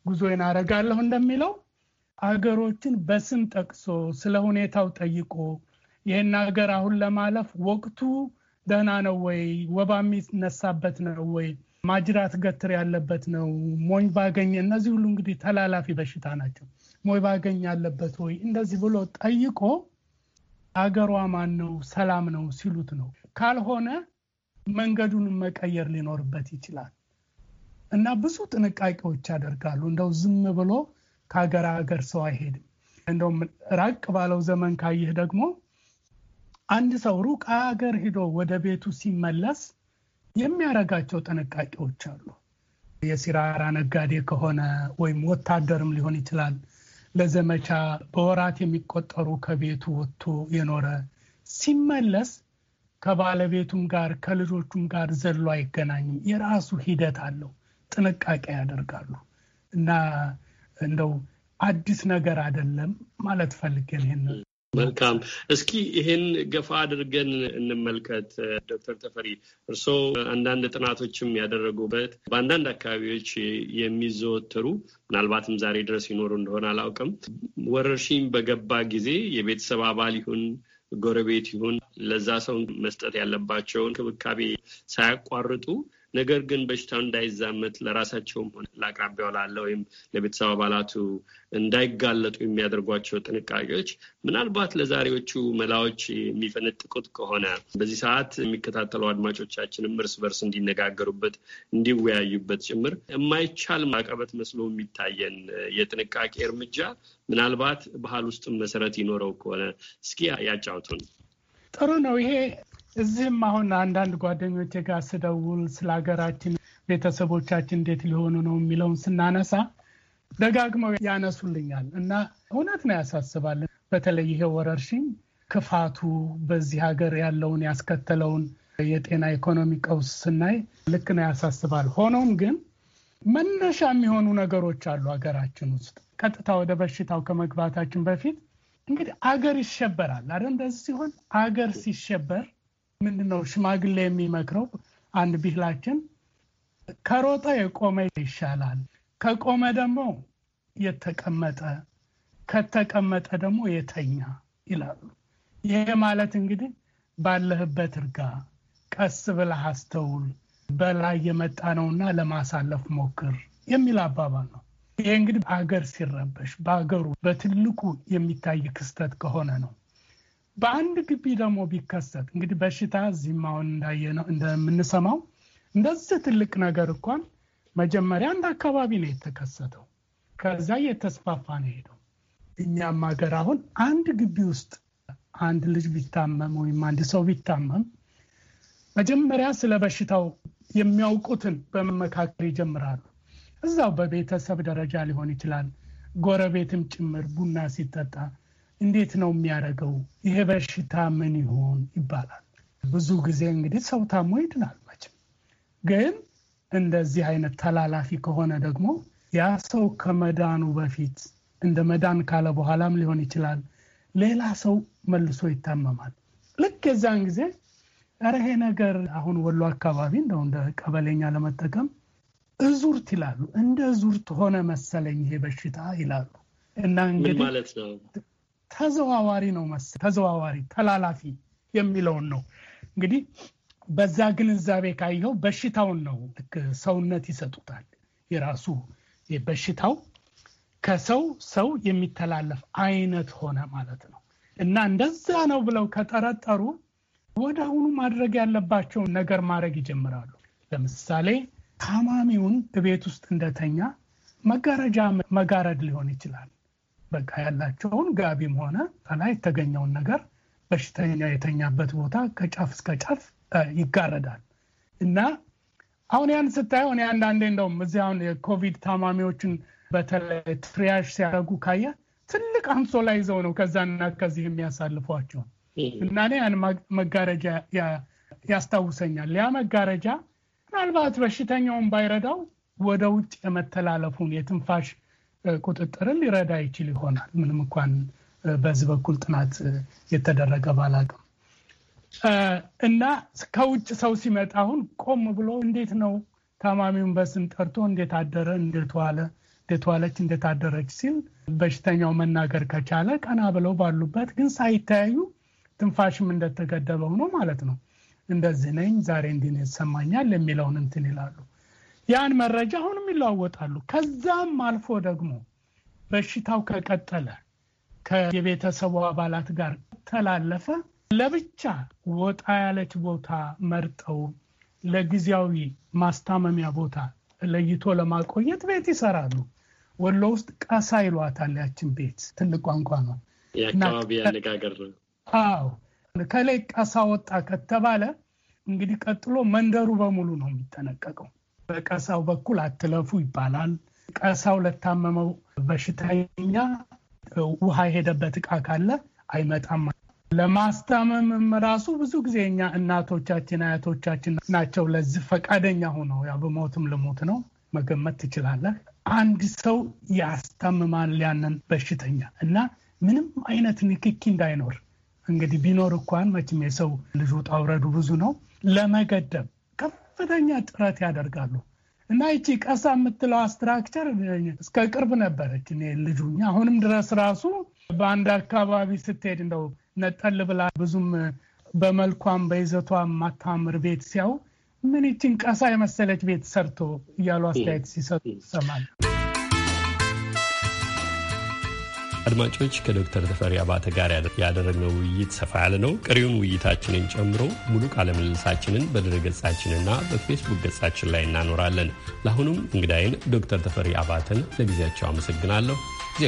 ጉዞዬን አረጋለሁ እንደሚለው አገሮችን በስም ጠቅሶ ስለ ሁኔታው ጠይቆ ይህን ሀገር አሁን ለማለፍ ወቅቱ ደህና ነው ወይ፣ ወባ የሚነሳበት ነው ወይ፣ ማጅራት ገትር ያለበት ነው፣ ሞኝ ባገኘ። እነዚህ ሁሉ እንግዲህ ተላላፊ በሽታ ናቸው። ሞይ ባገኝ ያለበት ወይ እንደዚህ ብሎ ጠይቆ አገሯ ማን ነው ሰላም ነው ሲሉት ነው። ካልሆነ መንገዱን መቀየር ሊኖርበት ይችላል እና ብዙ ጥንቃቄዎች ያደርጋሉ። እንደው ዝም ብሎ ከሀገር ሀገር ሰው አይሄድም። እንደውም ራቅ ባለው ዘመን ካየህ ደግሞ አንድ ሰው ሩቅ ሀገር ሂዶ ወደ ቤቱ ሲመለስ የሚያደርጋቸው ጥንቃቄዎች አሉ። የሲራራ ነጋዴ ከሆነ ወይም ወታደርም ሊሆን ይችላል ለዘመቻ በወራት የሚቆጠሩ ከቤቱ ወጥቶ የኖረ ሲመለስ ከባለቤቱም ጋር ከልጆቹም ጋር ዘሎ አይገናኝም። የራሱ ሂደት አለው። ጥንቃቄ ያደርጋሉ እና እንደው አዲስ ነገር አይደለም ማለት ፈልጌ ይህን መልካም እስኪ ይህን ገፋ አድርገን እንመልከት። ዶክተር ተፈሪ እርስዎ አንዳንድ ጥናቶችም ያደረጉበት በአንዳንድ አካባቢዎች የሚዘወተሩ ምናልባትም ዛሬ ድረስ ይኖሩ እንደሆነ አላውቅም፣ ወረርሽኝ በገባ ጊዜ የቤተሰብ አባል ይሁን ጎረቤት ይሁን ለዛ ሰው መስጠት ያለባቸውን ክብካቤ ሳያቋርጡ ነገር ግን በሽታው እንዳይዛመት ለራሳቸውም ሆነ ለአቅራቢያው ላለ ወይም ለቤተሰብ አባላቱ እንዳይጋለጡ የሚያደርጓቸው ጥንቃቄዎች ምናልባት ለዛሬዎቹ መላዎች የሚፈነጥቁት ከሆነ በዚህ ሰዓት የሚከታተሉ አድማጮቻችንም እርስ በርስ እንዲነጋገሩበት እንዲወያዩበት ጭምር የማይቻል ማቀበት መስሎ የሚታየን የጥንቃቄ እርምጃ ምናልባት ባህል ውስጥም መሰረት ይኖረው ከሆነ እስኪ ያጫውቱን። ጥሩ ነው። ይሄ እዚህም አሁን አንዳንድ ጓደኞቼ ጋር ስደውል ስለ ሀገራችን ቤተሰቦቻችን እንዴት ሊሆኑ ነው የሚለውን ስናነሳ ደጋግመው ያነሱልኛል እና እውነት ነው ያሳስባል። በተለይ ይሄ ወረርሽኝ ክፋቱ በዚህ ሀገር ያለውን ያስከተለውን የጤና ኢኮኖሚ ቀውስ ስናይ ልክ ነው ያሳስባል። ሆኖም ግን መነሻ የሚሆኑ ነገሮች አሉ ሀገራችን ውስጥ ቀጥታ ወደ በሽታው ከመግባታችን በፊት እንግዲህ አገር ይሸበራል አይደል? እንደዚህ ሲሆን አገር ሲሸበር ምንድን ነው ሽማግሌ የሚመክረው? አንድ ቢላችን ከሮጠ የቆመ ይሻላል፣ ከቆመ ደግሞ የተቀመጠ፣ ከተቀመጠ ደግሞ የተኛ ይላሉ። ይሄ ማለት እንግዲህ ባለህበት እርጋ፣ ቀስ ብለህ አስተውል፣ በላይ የመጣ ነውና ለማሳለፍ ሞክር የሚል አባባል ነው። ይሄ እንግዲህ አገር ሲረበሽ በአገሩ በትልቁ የሚታይ ክስተት ከሆነ ነው። በአንድ ግቢ ደግሞ ቢከሰት እንግዲህ በሽታ እዚህም አሁን እንዳየ ነው እንደምንሰማው እንደዚህ ትልቅ ነገር እንኳን መጀመሪያ አንድ አካባቢ ነው የተከሰተው። ከዛ የተስፋፋ ነው ሄደው። እኛም ሀገር አሁን አንድ ግቢ ውስጥ አንድ ልጅ ቢታመም ወይም አንድ ሰው ቢታመም መጀመሪያ ስለ በሽታው የሚያውቁትን በመመካከል ይጀምራሉ። እዛው በቤተሰብ ደረጃ ሊሆን ይችላል፣ ጎረቤትም ጭምር ቡና ሲጠጣ እንዴት ነው የሚያደርገው? ይሄ በሽታ ምን ይሆን ይባላል። ብዙ ጊዜ እንግዲህ ሰው ታሞ ይድናል። መቼም ግን እንደዚህ አይነት ተላላፊ ከሆነ ደግሞ ያ ሰው ከመዳኑ በፊት እንደ መዳን ካለ በኋላም ሊሆን ይችላል፣ ሌላ ሰው መልሶ ይታመማል። ልክ የዛን ጊዜ ኧረ ይሄ ነገር አሁን ወሎ አካባቢ እንደው እንደ ቀበሌኛ ለመጠቀም እዙርት ይላሉ። እንደ ዙርት ሆነ መሰለኝ ይሄ በሽታ ይላሉ። እና እንግዲህ ተዘዋዋሪ ነው መሰለኝ። ተዘዋዋሪ ተላላፊ የሚለውን ነው እንግዲህ በዛ ግንዛቤ ካየው በሽታውን ነው ልክ ሰውነት ይሰጡታል። የራሱ በሽታው ከሰው ሰው የሚተላለፍ አይነት ሆነ ማለት ነው እና እንደዛ ነው ብለው ከጠረጠሩ ወደ አሁኑ ማድረግ ያለባቸውን ነገር ማድረግ ይጀምራሉ። ለምሳሌ ታማሚውን ቤት ውስጥ እንደተኛ መጋረጃ መጋረድ ሊሆን ይችላል። በቃ ያላቸውን ጋቢም ሆነ ከላይ የተገኘውን ነገር በሽተኛ የተኛበት ቦታ ከጫፍ እስከ ጫፍ ይጋረዳል እና አሁን ያን ስታይ ሆነ አንዳንዴ እንደውም እዚህ አሁን የኮቪድ ታማሚዎችን በተለይ ትሪያዥ ሲያደርጉ ካየ ትልቅ አንሶላ ይዘው ነው ከዛና ከዚህ የሚያሳልፏቸው እና እኔ ያን መጋረጃ ያስታውሰኛል። ያ መጋረጃ ምናልባት በሽተኛውን ባይረዳው ወደ ውጭ የመተላለፉን የትንፋሽ ቁጥጥርን ሊረዳ ይችል ይሆናል። ምንም እንኳን በዚህ በኩል ጥናት የተደረገ ባላቅም እና ከውጭ ሰው ሲመጣ አሁን ቆም ብሎ እንዴት ነው ታማሚውን በስም ጠርቶ እንዴት አደረ፣ እንዴት ዋለ፣ እንዴት ዋለች፣ እንዴት አደረች ሲል በሽተኛው መናገር ከቻለ ቀና ብለው ባሉበት ግን ሳይተያዩ ትንፋሽም እንደተገደበው ነው ማለት ነው። እንደዚህ ነኝ ዛሬ እንዲህ ይሰማኛል የሚለውን እንትን ይላሉ። ያን መረጃ አሁንም ይለዋወጣሉ። ከዛም አልፎ ደግሞ በሽታው ከቀጠለ ከየቤተሰቡ አባላት ጋር ተላለፈ፣ ለብቻ ወጣ ያለች ቦታ መርጠው ለጊዜያዊ ማስታመሚያ ቦታ ለይቶ ለማቆየት ቤት ይሰራሉ። ወሎ ውስጥ ቀሳ ይሏታል። ያችን ቤት ትልቅ ቋንቋ ነው፣ የአካባቢ አነጋገር ነው። አዎ ከላይ ቀሳ ወጣ ከተባለ እንግዲህ ቀጥሎ መንደሩ በሙሉ ነው የሚጠነቀቀው። በቀሳው በኩል አትለፉ ይባላል። ቀሳው ለታመመው በሽተኛ ውሃ የሄደበት እቃ ካለ አይመጣም። ለማስታመምም ራሱ ብዙ ጊዜ እኛ እናቶቻችን አያቶቻችን ናቸው ለዚህ ፈቃደኛ ሆነው ያው በሞትም ልሞት ነው መገመት ትችላለህ። አንድ ሰው ያስታምማል ያንን በሽተኛ እና ምንም አይነት ንክኪ እንዳይኖር እንግዲህ ቢኖር እንኳን መቼም የሰው ልጅ ውጣ ውረዱ ብዙ ነው ለመገደብ ከፍተኛ ጥረት ያደርጋሉ እና ይቺ ቀሳ የምትለው ስትራክቸር እስከ ቅርብ ነበረች። እኔ አሁንም ድረስ ራሱ በአንድ አካባቢ ስትሄድ እንደው ነጠል ብላ ብዙም በመልኳም በይዘቷ የማታምር ቤት ሲያው ምን ይችን ቀሳ የመሰለች ቤት ሰርቶ እያሉ አስተያየት ሲሰጡ ይሰማል። አድማጮች ከዶክተር ተፈሪ አባተ ጋር ያደረግነው ውይይት ሰፋ ያለ ነው። ቀሪውን ውይይታችንን ጨምሮ ሙሉ ቃለምልልሳችንን ገጻችንና በፌስቡክ ገጻችን ላይ እናኖራለን። ለአሁኑም እንግዳይን ዶክተር ተፈሪ አባተን ለጊዜያቸው አመሰግናለሁ። ጊዜ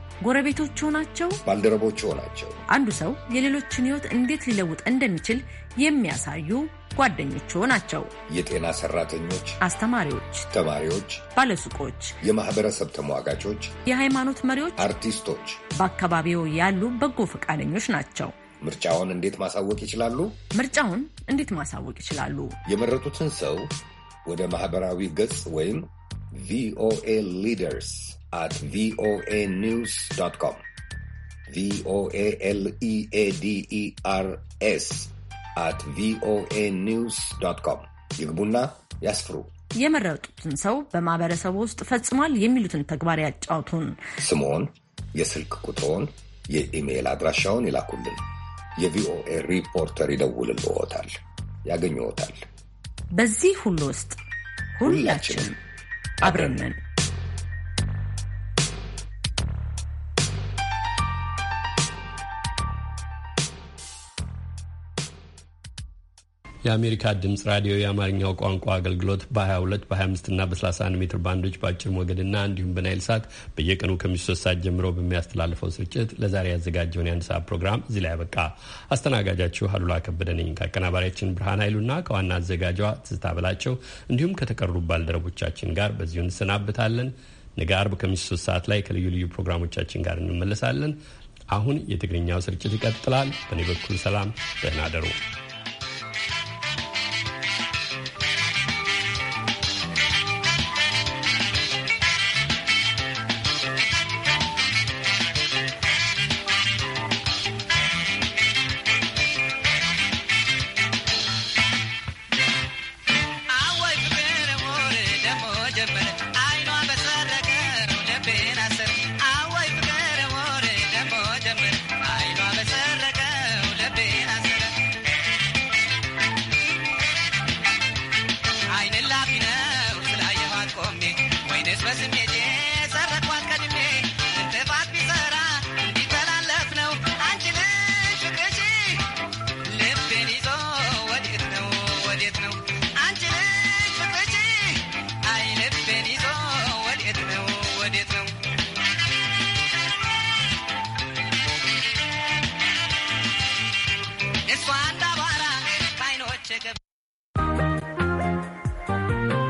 ጎረቤቶች ናቸው፣ ባልደረቦች ናቸው። አንዱ ሰው የሌሎችን ህይወት እንዴት ሊለውጥ እንደሚችል የሚያሳዩ ጓደኞች ናቸው። የጤና ሰራተኞች፣ አስተማሪዎች፣ ተማሪዎች፣ ባለሱቆች፣ የማህበረሰብ ተሟጋቾች፣ የሃይማኖት መሪዎች፣ አርቲስቶች፣ በአካባቢው ያሉ በጎ ፈቃደኞች ናቸው። ምርጫውን እንዴት ማሳወቅ ይችላሉ? ምርጫውን እንዴት ማሳወቅ ይችላሉ? የመረጡትን ሰው ወደ ማህበራዊ ገጽ ወይም ቪኦኤ ሊደርስ at o a l ኮም ቪኦኤ e d አት ቪኦኤ ኒውስ at voanews.com. ይግቡና ያስፍሩ። የመረጡትን ሰው በማህበረሰቡ ውስጥ ፈጽሟል የሚሉትን ተግባር ያጫውቱን። ስምዎን፣ የስልክ ቁጥሮን፣ የኢሜይል አድራሻውን ይላኩልን። የቪኦኤ ሪፖርተር ይደውልልዎታል፣ ያገኘዎታል። በዚህ ሁሉ ውስጥ ሁላችንም አብረን የአሜሪካ ድምጽ ራዲዮ የአማርኛው ቋንቋ አገልግሎት በ22 በ25 እና በ31 ሜትር ባንዶች በአጭር ሞገድና እንዲሁም በናይል ሳት በየቀኑ ከምሽቱ 3 ሰዓት ጀምሮ በሚያስተላልፈው ስርጭት ለዛሬ ያዘጋጀውን የአንድ ሰዓት ፕሮግራም እዚህ ላይ ያበቃ። አስተናጋጃችሁ አሉላ ከበደ ነኝ ከአቀናባሪያችን ብርሃን ኃይሉና ከዋና አዘጋጇ ትዝታ በላቸው እንዲሁም ከተቀሩ ባልደረቦቻችን ጋር በዚሁ እንሰናብታለን። ነገ አርብ ከምሽቱ 3 ሰዓት ላይ ከልዩ ልዩ ፕሮግራሞቻችን ጋር እንመለሳለን። አሁን የትግርኛው ስርጭት ይቀጥላል። በእኔ በኩል ሰላም፣ ደህና አደሩ።